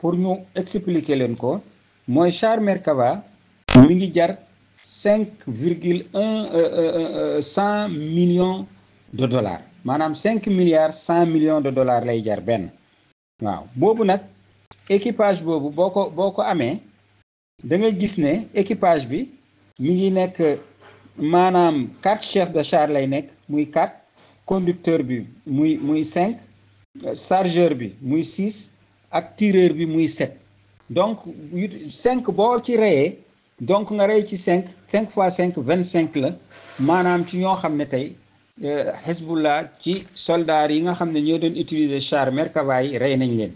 pour ñu expliquer leen ko mooy char Merkava mi ngi jar cinq virgule un euh, cent millions de dollars maanaam cinq milliards cent millions de dollars lay jar benn waaw boobu nag équipage boobu boo ko boo ko amee da nga gis ne équipage bi mi ngi nekk maanaam quatre chef de char lay nekk muy quatre conducteur bi muy muy cinq chargeur bi muy six ak tireur bi muy sept donc cinq boo ci reyee donc nga rey ci cinq cinq fois cinq vingt cinq la maanaam ci ñoo xam ne tey Eh, Hezbollah ci soldaar yi nga xam ne ñoo doon utiliser char Merkava yi rey nañ leen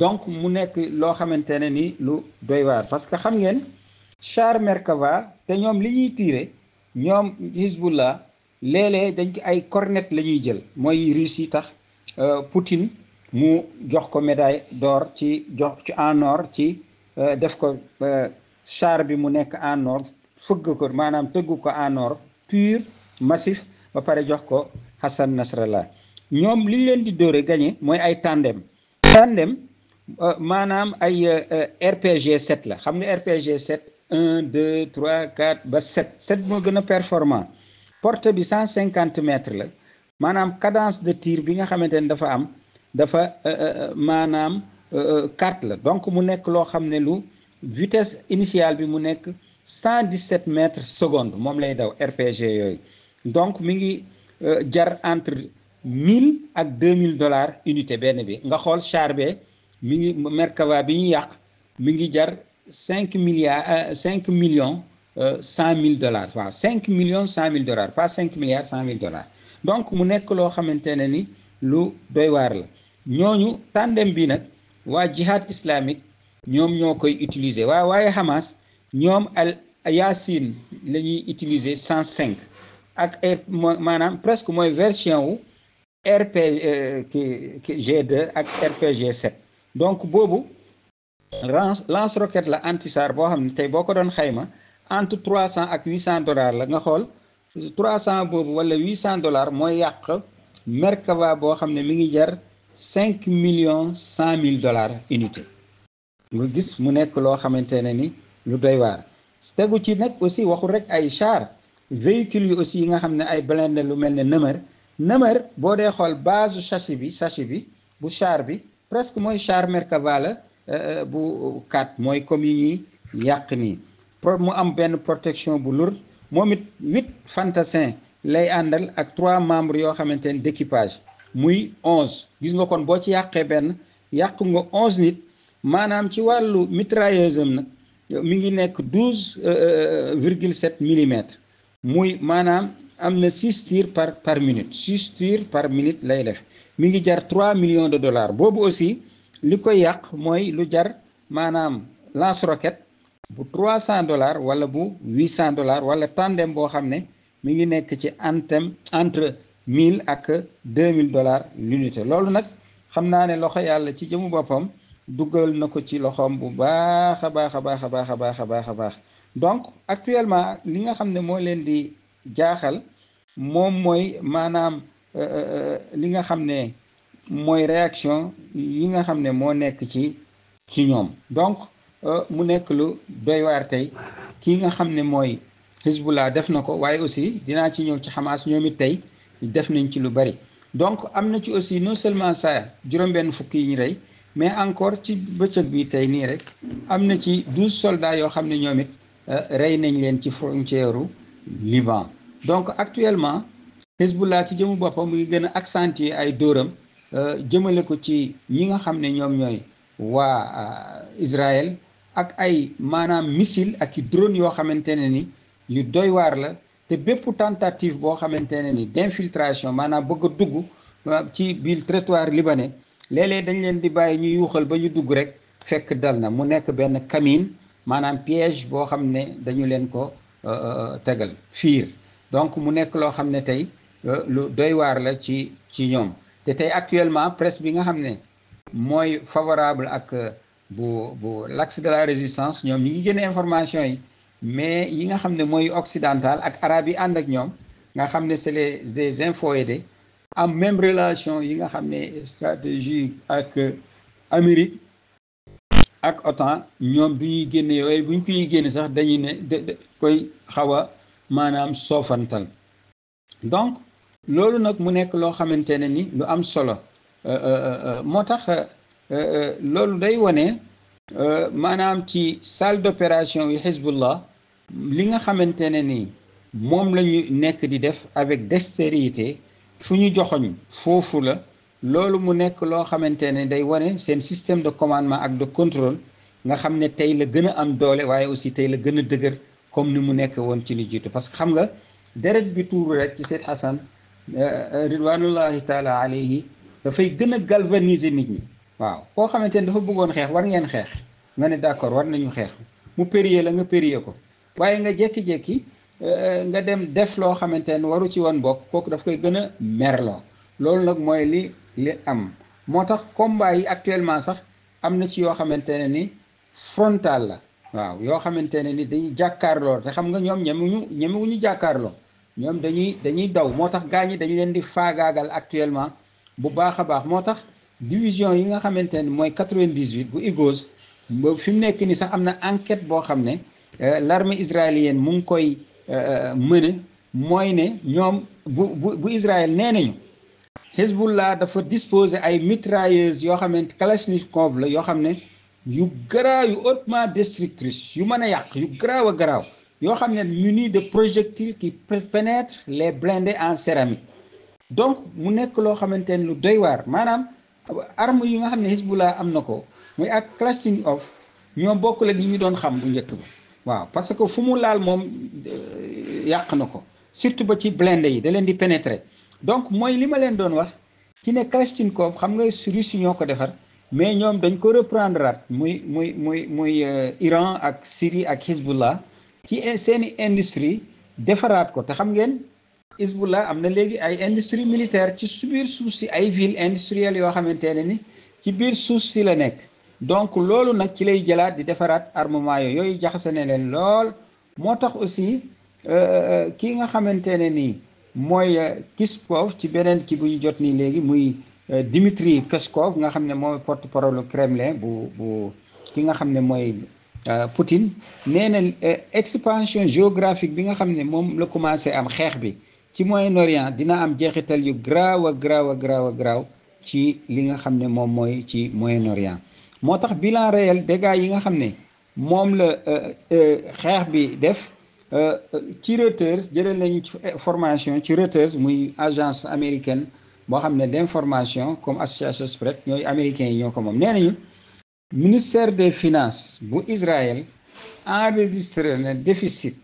donc mu nekk loo xamante ne ni lu doy waar parce que xam ngeen char Merkava te ñoom li ñuy tiire ñoom Hezbollah léeg-léeg dañ ko ay cornette la ñuy jël mooy Russie yi tax euh, Poutine mu jox ko médaille door ci jox ci en or ci euh, def ko euh, char bi mu nekk en or fëgg ko maanaam tëgg ko en or pur massif ba pare jox ko Hassan Nasrallah ñoom liñ leen di dóore gagné mooy ay tandem tandem euh, maanaam ay euh, RPG 7 la xam nga RPG 7 1 2 3 4 ba 7 7 moo gën a performant porte bi 150 mètres la maanaam cadence de tir bi nga xamante ne dafa am dafa euh, maanaam 4 la donc mu nekk loo xam ne lu vitesse initiale bi mu nekk 117 mètres seconde moom lay daw RPG yooyu donc mi ngi euh, jar entre mille ak deux mille dollars unité benn bi nga xool char mi ngi Merkava bi ñu yàq mi ngi jar cinq milliards euh, cinq millions euh, cent mille dollars waaw cinq millions cent mille dollars pas cinq milliards cent mille dollars donc mu nekk loo xamante ne ni lu doy waar la ñooñu tandem bi nag waa jihad islamique ñoom ñoo koy utiliser waaw waaye Hamas ñoom al Yaasin la ñuy utiliser cent cinq ak e, maanaam presque mooy version wu RPG2 e, ak RPG7 donc boobu lance-roquette la anti-char boo xam ne tey boo ko doon xayma entre trois cent ak huit cent dollars la nga xool trois cent boobu wala huit cent dollars mooy yàq Merkava boo xam ne mi ngi jar cinq millions cent mille dollars unité nga gis mu nekk loo xamante ne ni lu doy waar tegu ci nag aussi waxul rek ay char véhicules yi aussi yi nga xam ne ay blindé lu mel ne nëmër nëmër boo dee xool base châssis bi châssis bi bu char bi presque mooy char Merkava la euh, bu 4 mooy comme yi ñuy yàq nii mu am benn protection bu lourde moom it huit fantassins lay àndal ak trois membres yoo xamante ne d'équipage muy onze gis nga kon boo ci yàqee benn yàq nga onze nit maanaam ci wàllu mitrailleuse am nag mi ngi nekk douze euh, euh, virgule sept millimètres muy maanaam am na six tirs par par minute six tirs par minute lay def mi ngi jar trois millions de dollars boobu aussi li koy yàq mooy lu jar maanaam lance roquette bu trois cent dollars wala bu huit cent dollars wala tandem boo xam ne mi ngi nekk ci antem entre mille ak deux mille dollars l'unité loolu nag xam naa ne loxo yàlla ci jëmu boppam dugal na ko ci loxoom bu baax a baax a baax a baax a baax a baax a baax donc actuellement li nga xam ne moo leen di jaaxal moom mooy maanaam euh, euh, euh, li nga xam ne mooy réaction yi nga xam ne moo nekk ci ci ñoom donc mu nekk lu doy tey kii nga xam ne mooy Hezbollah def na ko waaye aussi dinaa ci ñëw ci Hamas ñoom it tey def nañ ci lu bari donc am na ci aussi non seulement sa juróom-benn fukki yi ñu rey mais encore ci bëccëg bi tey nii rek am na ci douze soldats yoo xam ne ñoom it Euh, rey nañ leen ci frontière Liban donc actuellement Hezbollah ci jëmu boppam mu ngi gën a ay dóoram euh, jëmale ko ci ñi nga xam ne ñoom ñooy waa euh, Israël ak ay maanaam missile ak i drone yoo xamante ne ni yu doy waar la te bépp tentative boo xamante ne ni d'infiltration maanaam bëgg dugg ci biir territoire libanais léeg-léeg dañ leen di bàyyi ñu yuuxal ba ñu dugg rek fekk dal na mu nekk benn kamine maanaam piège boo xam ne dañu leen ko euh, euh, tegal fiir donc mu nekk loo xam ne tey euh, lu doy waar la ci ci ñoom te tey actuellement presse bi nga xam ne mooy favorable ak bu bu l'axe de la résistance ñoom ñi ngi génne information yi mais yi nga xam ne mooy occidental ak arab yi ànd ak ñoom nga xam ne c'est les des infos aidés am même relation yi nga xam ne stratégie ak Amérique ak OTAN ñoom bi ñuy génne yooyu bu ñu koy génne sax dañuy ne de koy xaw a maanaam soofantal donc loolu nag mu nekk loo xamante ne ni lu am solo euh, euh, euh, moo tax loolu day wane maanaam ci salle d'opération yi Hezbollah li nga xamante ne ni moom la ñu nekk di def avec dextérité fu ñu joxoñ foofu la loolu mu nekk loo xamante ne day wane seen système de commandement ak de contrôle nga xam ne tey la gën a am doole waaye aussi tey la gën a dëgër comme ni mu nekk woon ci li jiitu parce que xam nga deret bi tuuru rek ci Seyd Hassan euh, euh, ridwanullahi taala alayhi dafay gën a galvaniser nit ñi waaw koo xamante ne dafa bëggoon xeex war ngeen xeex nga ne d'accord war nañu xeex mu périer la nga périer ko waaye nga jékki-jékki euh, nga dem def loo xamante ne waru ci woon bokk kooku daf koy gën a merloo loolu nag mooy li li am moo tax combat yi actuellement sax am na ci yoo xamante ne ni frontal la waaw yoo xamante ne ni dañuy jàkkaarloo te xam nga ñoom ñemewuñu ñemewuñu jàkkaarloo ñoom dañuy dañuy daw moo tax gaa ñi dañu leen di faagaagal actuellement bu baax a baax moo tax division yi nga xamante ne mooy 98 bu IGOS ba fi mu nekk ni sax am na enquête boo xam ne euh, l'armée israélienne mu ngi koy euh, euh, mëne mooy ne ñoom bu bu bu nee nañu Hezbollah dafa disposer ay mitrailleuses yoo xamante kalachnikov la yoo xam ne yu garaaw yu hautement destructrice yu mën a yàq yu garaaw a garaaw yoo xam ne ñu nii de projectiles ki penetre les blindés en céramique donc mu nekk loo xamante ne lu doy waar maanaam arme yi nga xam ne Hezbollah am na ko muy ak kalachnikov ñoo bokk la ñu doon xam bu njëkk ba waaw parce que fu mu laal moom euh, yàq na ko surtout ba ci blindés yi da leen di pénétrer donc mooy li ma leen doon wax ci ne Kalashnikov xam nga Russes ñoo ko defar mais ñoom dañ ko reprendre at muy muy muy muy euh, Iran ak Syrie ak Hezbollah ci seeni industrie defaraat ko te xam ngeen Hezbollah am na léegi ay industrie militaire ci su biir suuf si ay ville industrielles yoo xamante ne ni ci biir suuf si la nekk donc loolu nag ci lay jëlaat di defaraat armement yooyu yooyu jaxase ne leen lool moo tax aussi euh, euh, kii nga xamante ne nii mooy euh, Kispov ci beneen ki bu jot nii léegi muy euh, Dimitri Peskov nga xam ne mooy porte-parole Kremlin bu bu ki nga xam ne mooy euh, Poutine nee na expansion géographique bi nga xam ne moom la commencé am xeex bi ci Moyen-Orient dina am jeexital yu graaw a graaw a graaw a graaw ci li nga xam ne moom mooy ci Moyen-Orient moo tax bilan réel dégâts yi nga xam ne moom la xeex bi def Euh, ci Reuters jëlee nañu ci formation ci Reuters muy agence américaine boo xam ne d'information comme Associated Press ñooy américain yi ñoo ko moom nee ñu ministère des finances bu Israël enregistré na déficit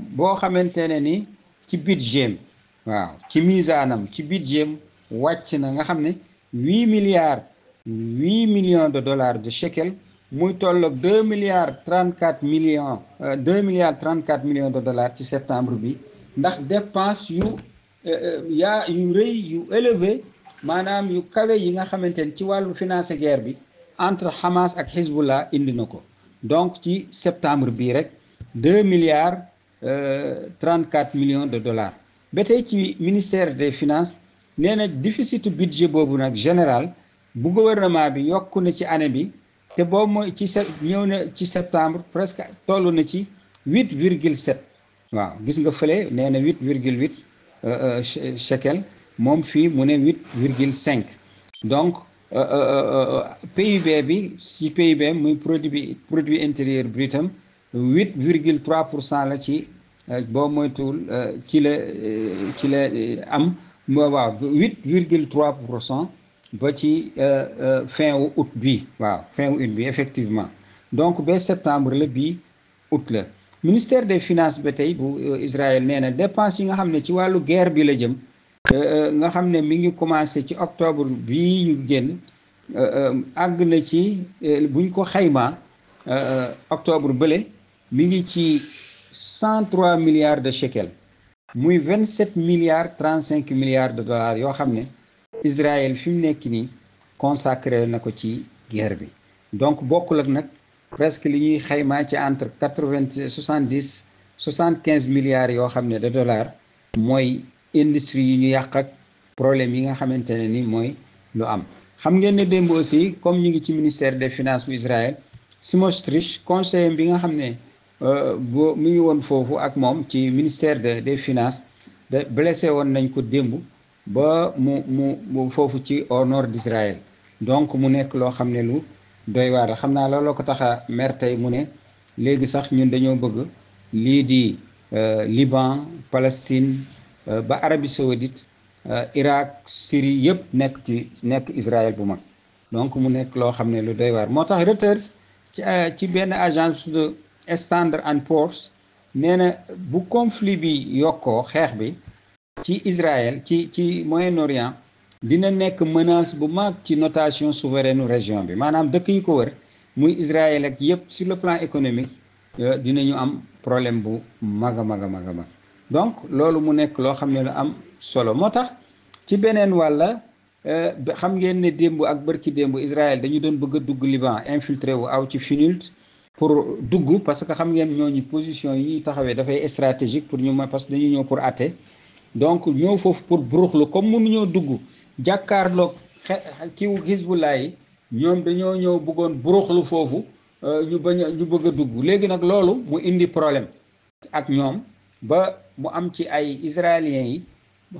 boo xamante ne ni ci budget waaw ci misaanam ci budget wàcc na nga xam ne huit milliards huit millions de dollars de shekel. muy tolloog deux milliards trente quatre million euh, deux milliards trente quatre millions de dollars ci septembre bi ndax dépense yu euh, euh, yaa yu rëy yu élevé maanaam yu kawe yi nga xamante ne ci wàllu financé guerre bi entre Hamas ak Hezbollah indi na ko donc ci septembre bii rek deux milliards trente quatre millions de dollars ba tey ci ministère des finances nee na déficit budget boobu nag général bu gouvernement bi yokku na ci année bi. te boo mooy ci sa ñëw na ci septembre presque toll na ci huit virgule sept waaw gis nga fële nee na huit virgule huit euh, euh, shekel moom fii mu ne huit virgule cinq donc euh, PIB bi ci PIB muy produit bi produit intérieur brutam huit virgule trois pour cent la ci boobu moytuwul ci la ci la am waaw huit virgule trois pour cent ba ci euh, euh, fin wu août bi waaw fin wu août bi effectivement donc ba septembre la bii août la ministère des finance ba tey bu euh, Israël nee na dépense yi nga xam ne ci wàllu guerre bi la jëm nga xam ne mi ngi commencé ci octobre bii ñu génn àgg na ci buñ ko xaymaa octobre bële mi ngi ci cent trois milliards de shekels muy vingt sept milliards trent cinq milliards de dollars yoo xam ne Israël fi mu nekk nii consacré na ko ci guerre bi donc bokkul ak nag presque li ñuy xaymaa ci entre quatre vingt soixante dix soixante quinze milliards yoo xam ne de dollars mooy industrie yi ñu yàq ak problème yi nga xamante ne ni mooy lu am. xam ngeen ne démb aussi comme ñu ngi ci ministère des finances bu Israël Smotrich conseiller bi nga xam ne euh, bu mu ngi woon foofu ak moom ci ministère de des finances de blessé woon nañ ko démb. ba mu mu foofu ci au nord d'Israël donc mu nekk loo xam ne lu doywaar la xam naa looloo ko tax a tey mu ne léegi sax ñun dañoo bëgg lii di euh, Liban Palestine euh, ba Arabie Saoudite euh, Irak Syrie yëpp nekk ci nekk Israël bu mag donc mu nekk loo xam ne lu doywaar moo tax Reuters ci benn agence de Standard and Poor's nee na bu conflit bi yokkoo xeex bi ci Israël ci ci Moyen-Orient dina nekk menace bu mag ci notation souveraine région bi maanaam dëkk yi ko wër muy Israël ak yëpp sur le plan économique euh, dinañu am problème bu mag a mag a mag a mag donc loolu mu nekk loo xam ne lu am solo moo tax ci beneen wàlla euh, xam ngeen ne démb ak bërki démb Israël dañu doon bëgg dugg Liban infiltré wu aw ci FINULT pour dugg parce que xam ngeen ñooñu position yi ñuy taxawee dafay stratégique pour ñu ma parce que dañu ñëw pour atte donc ñëw foofu pour buruxlu comme mënuñoo dugg jàkkaarloog kiw Hizbullah yi ñoom dañoo ñëw bëggoon buruxlu foofu euh, ñu bañ ñu bëgg a dugg léegi nag loolu mu indi problème ak ñoom ba mu am ci ay israéliens yi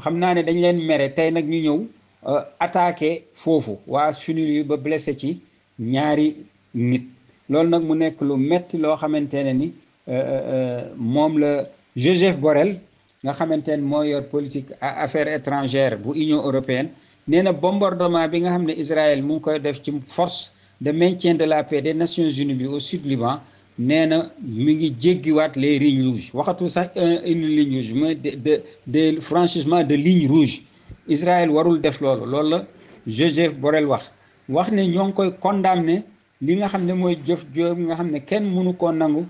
xam naa ne dañ leen mere tey nag ñu ñëw euh, attaqué foofu waa sunil yi ba blessé ci ñaari nit loolu nag mu nekk lu metti loo xamante ne ni euh, moom la Joseph Borrell nga xamante ne moo yor politique affaires étrangères bu Union européenne nee na bombardement bi nga xam ne Israël mu ngi koy def ci force de maintien de la paix de Nations Unies bi au sud Liban nee na mi ngi jéggiwaat les lignes rouges waxatu sax une ligne rouge mais de de de de ligne rouge Israël warul def loolu loolu la Joseph borel wax wax ne ñoo ngi koy condamné li nga xam ne mooy jëf joob nga xam ne kenn mënu ko nangu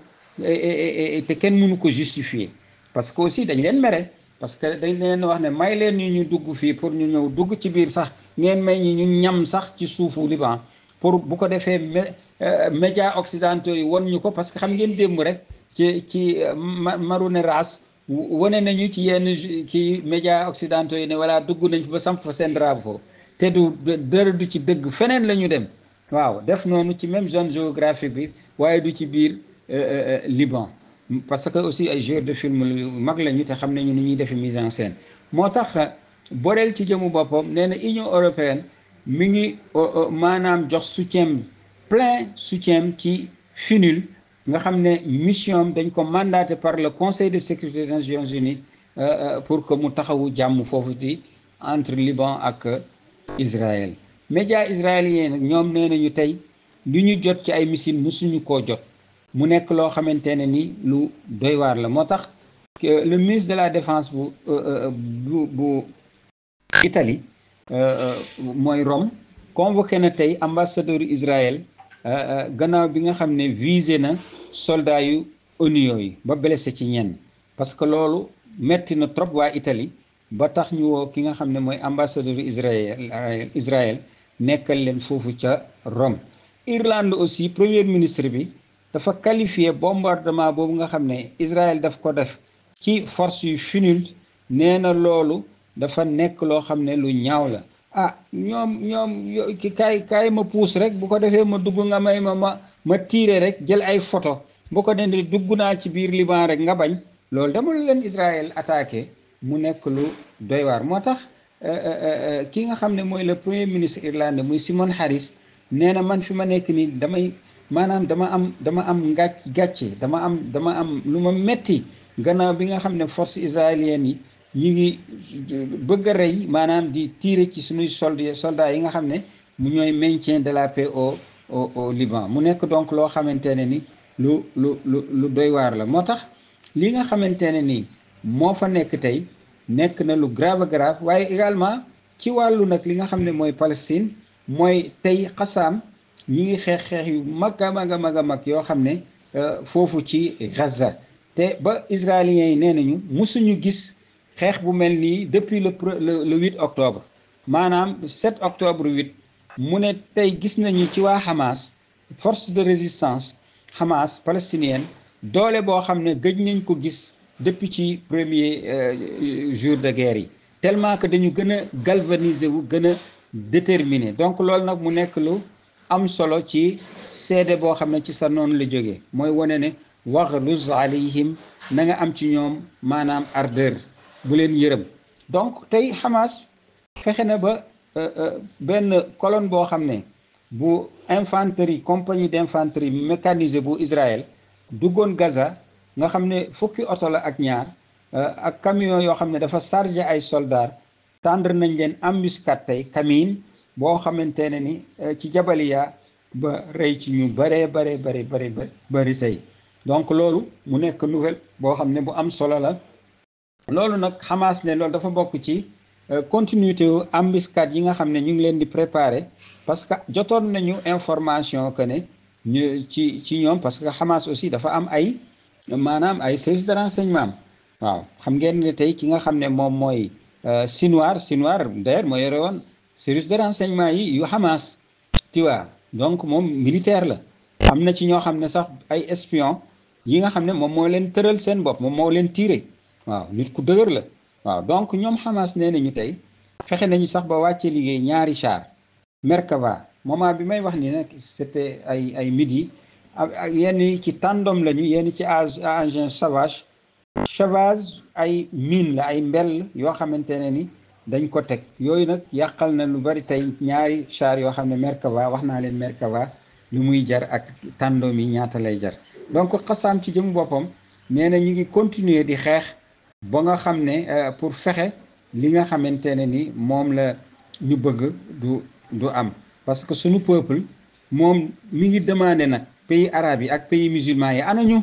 te kenn mënu ko justifier parce que aussi dañ leen mere parce que dañ leen wax ne may leen ñu ñu dugg fii pour ñu ñëw dugg ci biir sax ngeen may ñu ñu ñam sax ci suufu Liban pour bu ko defee euh, média occidentaux yi won ñu ko parce que xam ngeen démb rek ci ci Maroune Ras wane nañu ci yenn ci média occidentaux yi ne voilà dugg nañ ba samp fa seen drapeau te du dara du ci dëgg feneen la ñu dem waaw def noonu ci même zone géographique bi waaye du ci biir euh, euh, Liban parce que aussi ay joueurs de film yu mag lañu te xam nañu nu ñuy defe mise en scène moo tax Borrell ci jëmu boppam nee na Union européenne mu ngi maanaam jox soutien plein soutien ci FMINUL nga xam ne mission dañ ko mandaté par le Conseil de sécurité des Nations Unies euh, euh, pour que mu taxawu jàmm foofu ci entre Liban ak israel médias israéliens nag ñoom nee nañu tey lu ñu jot ci ay missiles musuñu koo jot mu nekk loo xamante ne ni lu doy waar la moo tax euh, le ministre de la défense bu euh, euh, bu bu Italie mooy Rome convoqué na tey ambassadeur Israël gannaaw bi nga xam ne visé na soldat yu ONU yooyu ba blessé ci ñenn parce que loolu metti na trop waa Italie ba tax ñu woo ki nga xam ne mooy ambassadeur Israël Israël nekkal leen foofu ca Rome Irlande aussi premier ministre bi. dafa qualifier bombardement boobu nga xam ne Israël daf ko def ci force yu finul nee na loolu dafa nekk loo xam ne lu ñaaw la ah ñoom ñoom ki kaay ma puus rek bu ko defee ma dugg nga may ma ma ma tiire rek jël ay photo boo ko dende dugg naa ci biir Liban rek nga bañ loolu dama leen Israël attaque mu nekk lu doy waar moo tax euh, euh, euh, ki nga xam ne mooy le premier ministre irlandais muy Simon Harris nee man fi ma nekk nii damay maanaam dama am dama am ngàcc gàcce dama am dama am lu ma metti gannaaw bi nga xam ne force israélienne yi ñu ngi euh, bëgg a rey maanaam di tiire ci suñuy sold soldats yi nga xam ne mu ñooy maintien de la paix au au Liban mu nekk donc loo xamante ne ni lu lu lu lu doy waar la moo tax lii nga xamante ne ni moo fa nekk tey nekk na lu grave grave waaye également ci wàllu nag li nga xam ne mooy Palestine mooy tey xasaam ñi ngi xeex xeex yu mag a mag a mag yoo xam ne euh, foofu ci Gaza te ba israéliens yi nee nañu musuñu gis xeex bu mel nii depuis le le huit octobre maanaam 7 octobre 8 mu ne tey gis nañu ci waa xamaas force de résistance Hamas palestinienne doole boo xam ne gëj nañ ko gis depuis ci premier euh, jour de guerre yi tellement que dañu gën a galvaniser wu gën a déterminer donc loolu nag mu nekk lu. am solo ci seede boo xam ne ci sa noonu la jóge mooy wane ne waxluz alayhim na nga am ci ñoom maanaam arder bu leen yërëm donc tey Hamas fexe na ba euh, euh, benn colonne boo xam ne bu infanterie compagnie d'infanterie mécanisée bu Israël duggoon Gaza nga xam ne fukki oto ak ñaar euh, ak camion yoo xam ne dafa chargé ay soldats tendre nañ leen embuscade tey Kamine boo xamante ne ni eh, ci jabaliya ba rey ci ñu bare bare bare bare bari tey donc loolu mu nekk nouvelle boo xam ne bu am solo la loolu nag Hamas ne loolu dafa bokk ci eh, continuité wu embuscade yi nga xam ne ñu ngi leen di préparer parce que jotoon nañu information que ne ñu ci ci ñoom parce que Hamas aussi dafa am ay maanaam ay service de renseignement waaw xam ngeen ne tey ki nga xam ne moom mooy eh, Sinwar Sinwar d'ailleurs moo yore service de renseignement yi yu Hamas tu donc moom militaire la xam na ci ñoo xam ne sax ay espion yi nga xam ne moom moo leen tëral seen bopp moom moo leen tiire waaw nit ku dëgër la waaw donc ñoom Hamas nee nañu tey fexe nañu sax ba wàcce liggéey ñaari char Merkava moment bi may wax ni nag c'était ay ay midi ak yenn ci tàndoom lañu yenn ci engin savage savage ay mine la ay mbel yoo xamante ne ni dañ ko teg yooyu nag yàqal na lu bari tey ñaari char yoo xam ne Merkava wax naa leen Merkava lu muy jar ak tàndoom yi ñaata lay jar donc xasaam ci jëm boppam nee na ñu ngi continuer di xeex ba nga xam ne euh, pour fexe li nga xamante ne ni moom la ñu bëgg du du am parce que suñu peuple moom mi ngi demandé nag pays arabe yi ak pays musulman yi ñu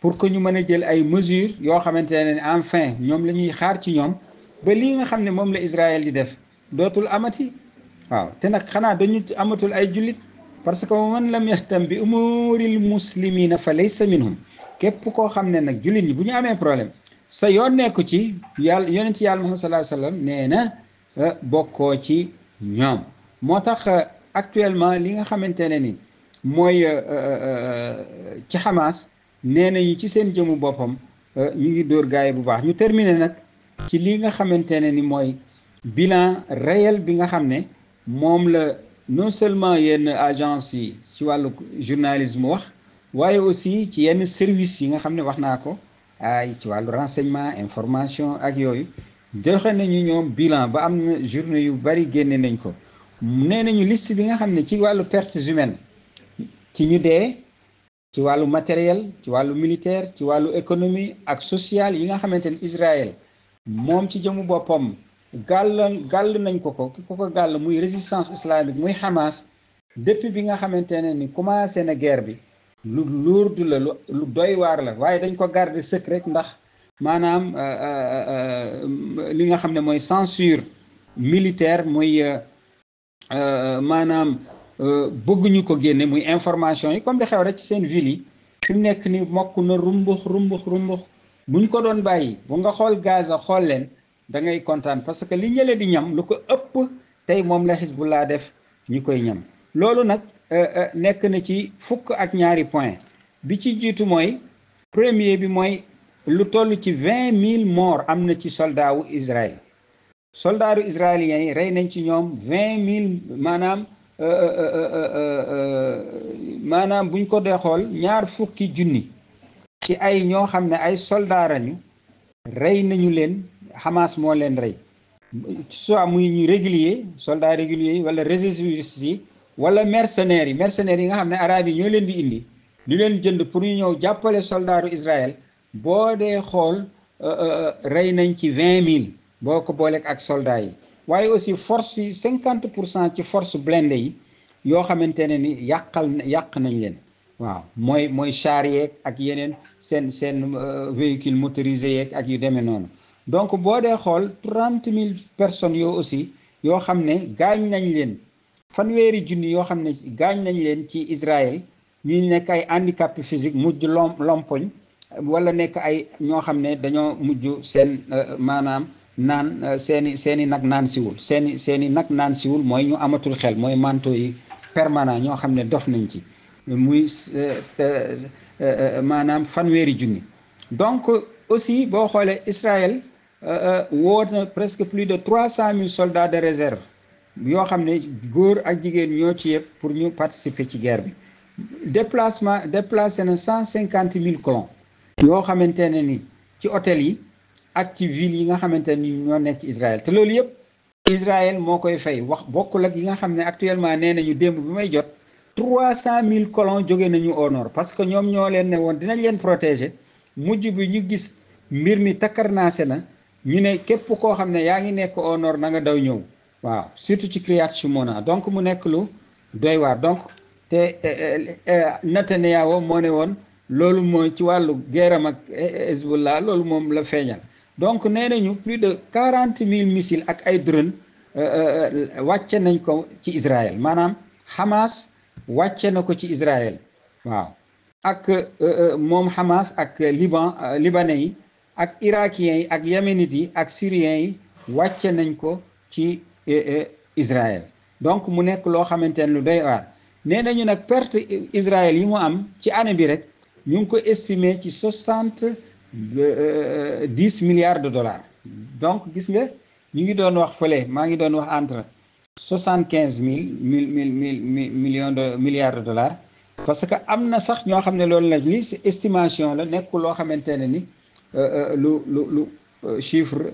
pour que ñu mën a jël ay mesures yoo xamante ne enfin ñoom la ñuy xaar ci ñoom ba lii nga xam ne moom la Israël di def dootul amati waaw te nag xanaa dañu amatul ay jullit parce que man lam yahtam bi umuril muslimina fa laysa minhum képp koo xam ne nag jullit ñi bu ñu amee problème sa yoon nekku ci yàlla yonent yàlla Muhammad sallallahu alayhi wasallam nee na euh, bokkoo ci ñoom moo tax euh, actuellement li nga xamante ne ni mooy euh, ci Hamas nee nañu ci seen jëmu boppam ñu ngi dóor gaay bu baax ñu terminer nag ci li nga xamante ne ni mooy bilan réel bi nga xam ne moom la non seulement yenn agence yi ci wàllu journalisme wax waaye aussi ci yenn service yi nga xam ne wax naa ko ay ci wàllu renseignement information ak yooyu joxe nañu ñoom bilan ba am na journée yu bari génne nañ ko nee nañu list bi nga xam ne ci wàllu perte humaines ci ñu dee ci wàllu matériel ci wàllu militaire ci wàllu économie ak sociale yi nga xamante ne Israël moom ci jëmu boppam gàll gàll nañ ko ko ki ko gàll muy résistance islamique muy Hamas depuis bi nga xamante ne ni commencé na guerre bi lu lourdu la lu doy waar la waaye dañ ko garder secret ndax maanaam euh, euh, euh, li nga xam ne mooy censure militaire muy maanaam bëgguñu ko génne muy information yi comme di xew rek ci seen ville yi fi mu nekk ni mokk na rumbux rumbux rumbux buñ ko doon bàyyi bu nga xool Gaza xool leen dangay kontaan parce que li ñële di ñam lu ko ëpp tey moom la Hezbollah def ñu koy ñam loolu nag euh, euh, nekk na ci fukk ak ñaari point bi ci jiitu mooy premier bi mooy lu toll ci vingt mille morts am na ci soldaawu wu soldaaru israéliens yi rey nañ ci ñoom vingt mille maanaam euh, maanaam buñ ko dee xool ñaar fukki junni ci ay ñoo xam ne ay soldaarañu rey nañu leen Hamas moo leen rey soit muy ñu régulier soldats réguliers wala réservistes yi wala mercenaires yi mercenaires yi nga xam ne arab yi ñoo leen di indi ñu leen jënd pour ñu ñëw jàppale soldaaru Israël boo dee xool euh, euh, euh, rey nañ ci vingt mille boo ko booleeg ak soldats yi waaye aussi force yi cinquante pour cent ci force blindée yi yoo xamante ne ni yàqal yàq nañ leen waaw mooy mooy char yeeg ak yeneen seen seen euh, véhicule motorisé yeeg ak yu demee noonu donc boo dee xool trente mille personnes yoo aussi yoo xam ne gaañ nañ leen fanweeri junni yoo xam ne gaañ nañ leen ci Israël ñuy nekk ay handicap physique mujj lom lompoñ wala nekk ay ñoo xam ne dañoo mujj seen euh, maanaam naan euh, seeni seeni nag naan siwul seeni seeni nag naan siwul mooy ñu amatul xel mooy manto yi permanant ñoo xam ne dof nañ ci muy euh, euh, euh, maanaam fanweeri junni donc aussi boo xoolee Israël woo na presque plus de trois cent mille soldats de réserve yoo xam ne góor ak jigéen ñoo ci yëpp pour ñu participer ci guerre bi déplacement déplacé na cent cinquante mille colons yoo xamante ne ni ci hôtel yi ak ci ville yi nga xamante ni ñoo nekk ci Israël te loolu yëpp Israël moo koy fay wax bokkul ak yi nga xam ne actuellement nee nañu démb bu may jot trois cent mille colons jóge nañu au nord parce que ñoom ñoo leen ne woon dinañ leen protéger mujj bi ñu gis mbir mi takkarnaase na ñu ne képp koo xam ne yaa ngi nekk au nord na nga daw ñëw waaw surtout ci Kiryat Shimona donc mu nekk lu doy waar donc te eh, eh, eh, Netanyahu moo ne woon loolu mooy ci wàllu guerre ak Hezbollah loolu moom la feeñal donc nee nañu plus de quarante mille missiles ak ay drone euh, euh, euh, wàcce nañ ko ci Israël maanaam Hamas wàcce na ko ci Israël waaw ak euh, euh, moom Hamas ak Liban euh, libane yi ak irakiens yi ak yéménites yi ak syriens yi wàcce nañ ko ci Israël donc mu nekk loo xamante ne lu doy waar nee nañu nag perte Israël yi mu am ci année bi rek ñu ngi ko estimé ci soixante dix milliards de dollars donc gis nga ñu ngi doon wax fële maa ngi doon wax entre soixante quinze mille mille mille mille millions de milliards de dollars parce que am na sax ñoo xam ne loolu la lii si estimation la nekkul loo xamante ne ni euh, euh, lu lu lu euh, chiffre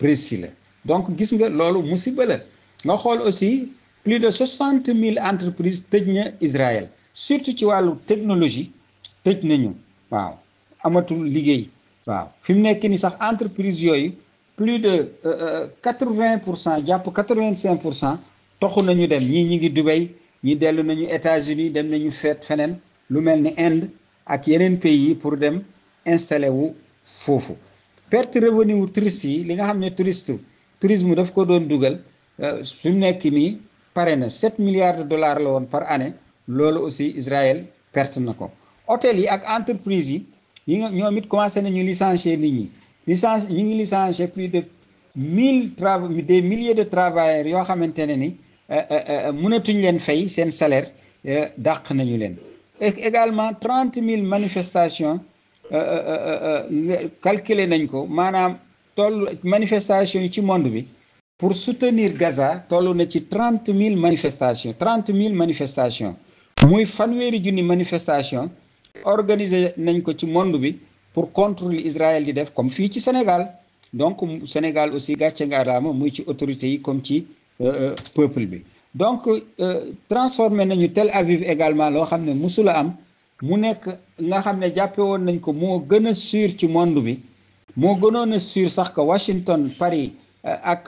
précis la donc gis nga loolu musiba la nga xool aussi plus de soixante mille entreprises tëj na Israël surtout ci wàllu technologie tëj nañu waaw amatul liggéey waaw fi mu nekk ni sax entreprise yooyu plus de euh, euh, quatre-vingt pour cent jàpp quatre-vingt-cinq pour cent toxu nañu dem ñii ñi ngi Dubaï ñi dellu nañu États-Unis dem nañu feet feneen lu mel ni Inde ak yeneen pays yi pour dem installé wu foofu perte revenu wu touriste yi li nga xam ne touriste tourisme def ko doon dugal su euh, nekk nii pare na sept milliards de dollars la woon par année loolu aussi Israël perte na ko hôtel yi ak entreprise yi yi nga ñoom it commencé nañu licencier nit ñi licence yi ngi licencié plus de mille tra des milliers de travailleurs yoo xamante ne ni euh, euh, euh, mënatuñ leen fay seen salaire dàq nañu leen également trente mille manifestations calculer nañ ko maanaam toll manifestation yi ci monde bi pour soutenir Gaza toll na ci trente mille manifestations trente mille manifestations muy fanweeri junni manifestation organiser nañ ko ci monde bi pour contrôle Israël di def comme fii ci Sénégal donc Sénégal aussi gàcce ngaalaama muy ci autorités yi comme ci euh, euh, peuple bi donc euh, transformé nañu Tel Aviv également loo xam ne musula am mu nekk nga xam ne jàppe woon nañ ko moo gën a sûr ci monde bi moo gënoon a sûr sax que Washington Paris ak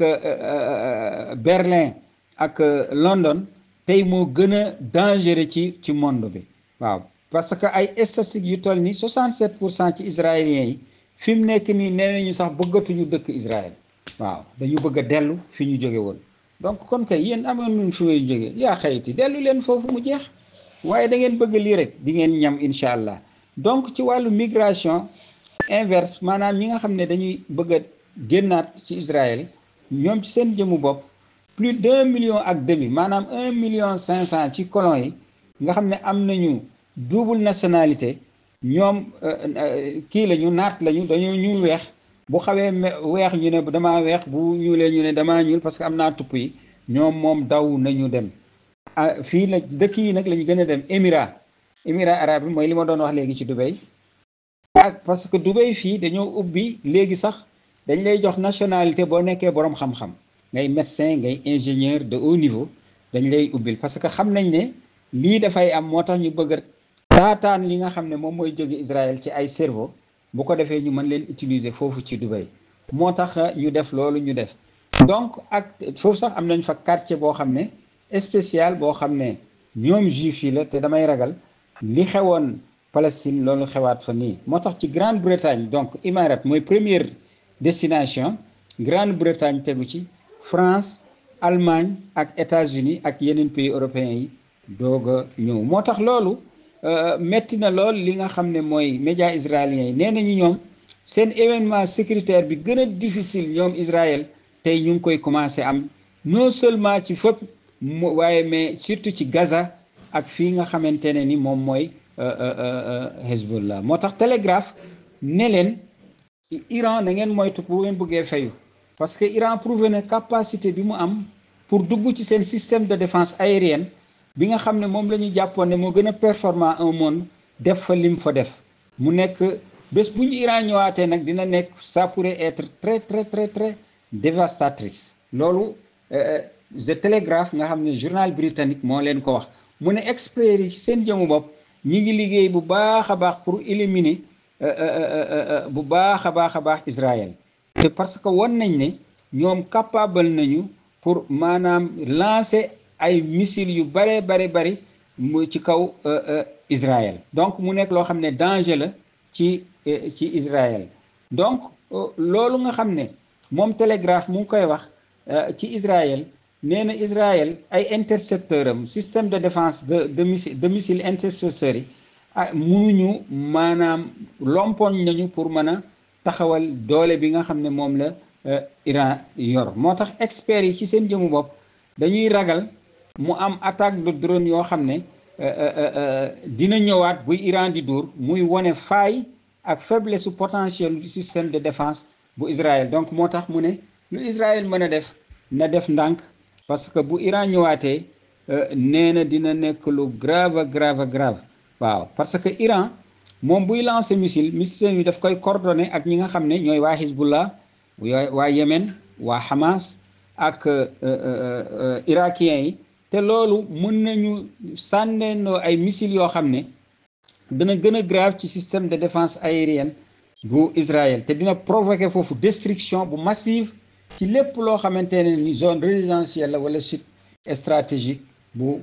Berlin ak London tey moo gën a dangereux ci ci monde bi waaw parce que ay statistiques yu toll ni 67 pour cent ci israéliens yi fi mu nekk nii nee ñu sax bëggatuñu dëkk Israël waaw dañu bëgg a dellu fi ñu jóge woon donc kon kay yéen amoon nañu fi may jóge yaa xayti dellu leen foofu mu jeex waaye dangeen ngeen bëgg lii rek di ngeen ñam incha allah donc ci wàllu migration inverse maanaam ñi nga xam ne dañuy bëgg a génnaat ci Israël ñoom ci seen jëmu bopp plus d' un million ak demi maanaam un million cinq cent ci colon yi nga xam ne am nañu. double nationalité ñoom euh, euh, kii lañu naat lañu dañoo ñuul weex bu xawee weex ñu ne bu damaa weex bu ñuulee ñu ne damaa ñuul parce que am naa tupp yi ñoom moom daw nañu dem ah, fii la dëkk yi nag la ñu gën a dem émirat émirat arabe bi mooy li ma doon wax léegi ci Dubaï ak parce que dubay fii dañoo ubbi léegi sax dañ lay jox nationalité boo nekkee boroom xam-xam ngay médecin ngay ingénieur de haut niveau dañ lay ubbil parce que xam nañ ne lii dafay am moo tax ñu bëgg taataan li nga xam ne moom mooy jóge Israël ci ay cerveau bu ko defee ñu mën leen utiliser foofu ci Dubaï moo tax ñu def loolu ñu def donc ak foofu sax am nañ fa quartier boo xam ne spécial boo xam ne ñoom juif yi la te damay ragal li xewoon Palestine loolu xewaat fa nii moo tax ci Grande-Bretagne donc Émirats mooy première destination Grande-Bretagne tegu ci France Allemagne ak États-Unis ak yeneen pays européens yi doog a ñëw moo tax loolu Euh, metti na lool li nga xam ne mooy média israéliens yi nee nañu ñoom seen événement sécuritaire bi gën a difficile ñoom Israël tey ñu ngi koy commencé am non seulement ci fëp mu waaye mais surtout ci Gaza ak fii nga xamante ne ni moom mooy euh, euh, Hezbollah moo tax télégraphe ne leen ci Iran na ngeen moytu bu ngeen bëggee fayu parce que Iran prouvé capacité bi mu am pour dugg ci seen système de défense aérienne bi nga xam ne moom la ñu jàppoon ne moo gën a performant un monde def fa lim fa def mu nekk bés bu ñu Iran ñëwaatee nag dina nekk sa pour être très très très très dévastatrice loolu euh, euh, The Telegraph nga xam ne journal britannique moo leen ko wax mu ne experts yi seen jëmu bopp ñi ngi liggéey bu baax a baax pour éliminer euh, bu baax a baax a baax Israël te parce que won nañ ne ñoom capable nañu pour maanaam lancer ay missiles yu bare bari bari mu ci kaw euh, euh, Israël donc mu nekk loo xam ne danger la ci euh, ci Israël donc loolu nga xam ne moom télégraphe mu ngi koy wax ci Israël nee na Israël ay intercepteur am système de défense de de missile de yi ah munuñu maanaam lompoñ nañu pour mën a taxawal doole bi nga xam ne moom la Iran yor moo tax experts yi ci seen jëmu bopp dañuy ragal mu am attaque de drone yoo xam ne euh, euh, euh, dina ñëwaat buy Iran di dóor muy wane fay ak faiblesse su potentiel du système de défense bu Israël donc moo tax mu ne lu Israël mën def na def ndànk parce que bu Iran ñëwaatee nee na dina nekk lu grave grave grave waaw parce que Iran moom buy lancer missile missile yi daf koy coordonné ak ñi nga xam ne ñooy waa Hezbollah waa yemen waa Hamas ak irakien yi. te loolu mën nañu sànneendoo ay missile yoo xam ne dana gën a grave ci système de défense aérienne bu Israël te dina provoquer foofu destriction bu massive ci lépp loo xamante ne ni zone résidentielle la wala site stratégique bu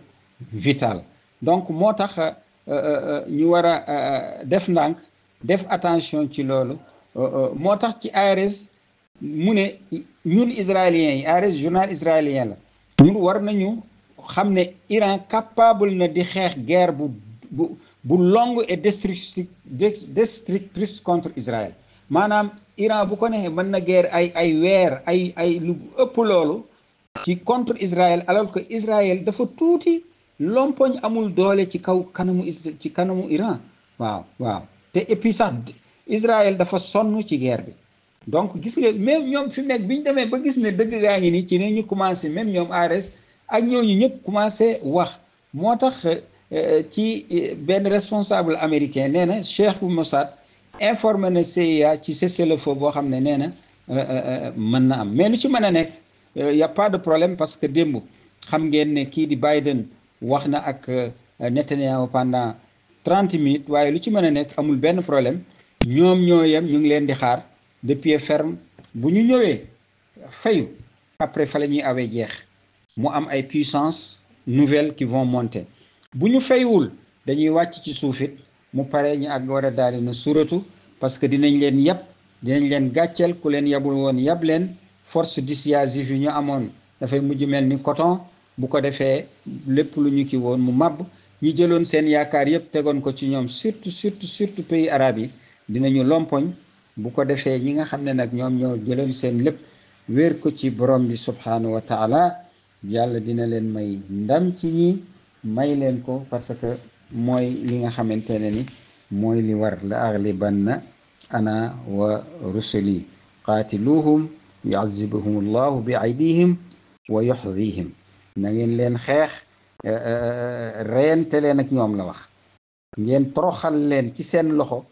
vital donc moo tax euh, euh, euh, ñu war a def ndànk def attention ci loolu moo tax ci ARS mu ne ñun israéliens yi ARS journal israélien la ñun war xam ne Iran capable na di xeex guerre bu bu bu longue et destructrice contre Israël maanaam Iran bu ko neexee mën na guerre ay ay weer ay ay lu ëpp loolu ci contre Israël alors que Israël dafa tuuti lompoñ amul doole ci kaw kanamu ci kanamu Iran waaw waaw te et puis sax Israël dafa sonn ci guerre bi donc gis nga même ñoom fi mu nekk bi ñu demee ba gis ne dëgg gaa ngi ni ci ne ñu commencé même ñoom ARS ak ñooñu ñëpp commencé wax moo tax euh, ci euh, benn responsable américain nee na cheikh bu Mossad informé na CIA ci cessez le boo xam ne nee na euh, mën na am mais lu ci mën a nekk y' a pas de problème parce que démb xam ngeen ne kii di Biden wax na ak Netanyahu pendant trente minutes waaye lu ci mën a nekk amul benn problème ñoom ñoo yem ñu ngi leen di xaar de pied ferme bu ñu ñëwee fayu après fa la ñuy awee jeex. mu am ay puissances nouvelles qui vont monter bu ñu faywul dañuy wàcc ci suufit mu pare ñu ak war a daal dina parce que dinañ leen yab dinañ leen gàcceel ku leen yabul woon yab leen force dissuasive yi ñu amoon dafay mujj mel ni coton bu ko defee lépp lu ñu ki woon mu màbb ñi jëloon seen yaakaar yëpp tegoon ko ci ñoom surtout surtout surtout pays arabe yi dinañu lompoñ bu ko defee ñi nga xam ne nag ñoom ñoo jëloon seen lépp wéer ko ci borom bi subhanahu wa taala yàlla dina leen may ndam ci ñi may leen ko parce que mooy li nga xamante ne ni mooy li war la aglibanna ana wa rusuli qaatiluhum yuazibuhum allahu bi aydihim wa yuxzihim na ngeen leen xeex eh, eh, eh, reente leen ak ñoom la wax ngeen toroxal leen ci seen loxo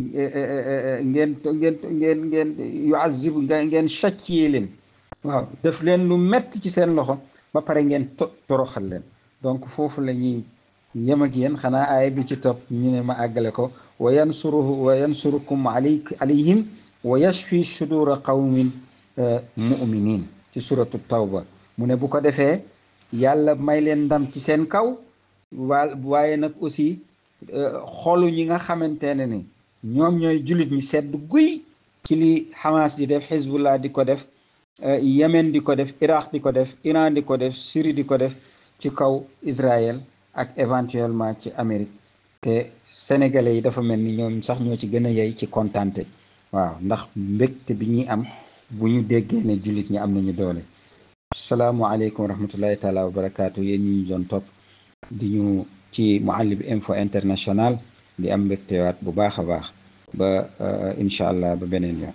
ngeen ngeen ngeen ngeen yuazibu ngeen ngeen chacciyee leen waaw def leen lu metti ci seen loxo ba pare ngeen to toroxal leen donc foofu la ñuy yem ak yéen xanaa aaya bi ci topp ñu ne ma àggale ko wa yansuruhu wa yansurukum alay alayhim wa yashfi sudura qawmin euh, muminin ci suratu tawba mu ne bu ko defee yàlla may leen ndam ci seen kaw waa nag aussi euh, xolu ñi nga xamante ne ni ñoom ñooy julit ñi sedd guy ci li Hamas di def Hezbollah di ko def Eh, yemen di ko def iraq di ko def iran di ko def syrie di ko def ci kaw israël ak éventuellement ci amérique te sénégalais yi dafa mel ni ñoom sax ñoo ci gën a yey ci kontante waaw ndax mbégte bi ñuy am bu ñu déggee ne jullit ñi am nañu doole asalaamualeykum wa rahmatullahi taala wa barakaatu yéen ñu jon topp di ñu ci Mouhalim info international di am mbégtewaat bu baax a baax ba eh, incha allah ba beneen yoon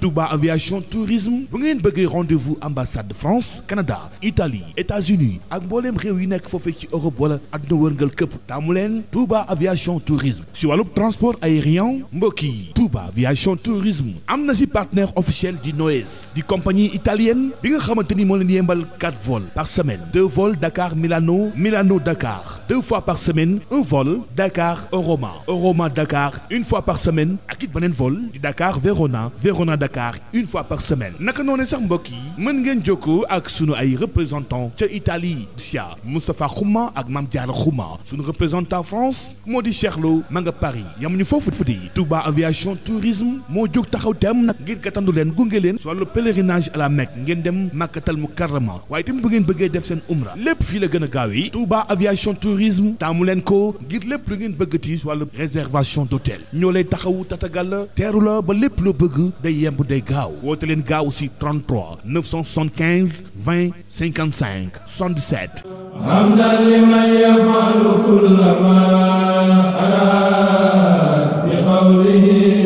Touba aviation tourisme bu ngeen bëggee rendez-vous ambassade de France Canada Italie États-Unis ak mbooleem réew yi nekk foofee ci Europe wala àdduna wërngal këpp taamu leen Touba aviation tourisme si wàllub transport aérien mbokk Touba aviation tourisme am na si partenaire officiel di Noes di compagnie italienne bi nga xamante ni moo leen yembal quatre vols par semaine deux vols Dakar Milano Milano Dakar deux fois par semaine un vol Dakar Roma Roma Dakar une fois par semaine ak it Dakar une fois par semaine naka noonu sax mbokk yi mën ngeen jokkoo ak sunu ay représentant ca Italie sia Moustapha Xuma ak Mame Diarra Xuma sunu représentant France moo di Cheikh Lo ma nga Paris yamuñu foofu fu di Touba aviation tourisme moo jóg taxaw teem nag ngir gàttandu leen gunge leen si wàllu pèlerinage à la Mecque ngeen dem Makkatal Mukarrama waaye tamit bu ngeen bëggee def seen umra lépp fii la gën a gaawee Touba aviation tourisme taamu leen ko ngir lépp lu ngeen bëggati si wàllu réservation d'hôtel ñoo lay bu dee gaaw woote leen gaaw si 33 975 20 55 77. hamdan liman yafalu kulla ma arada bi qawlihi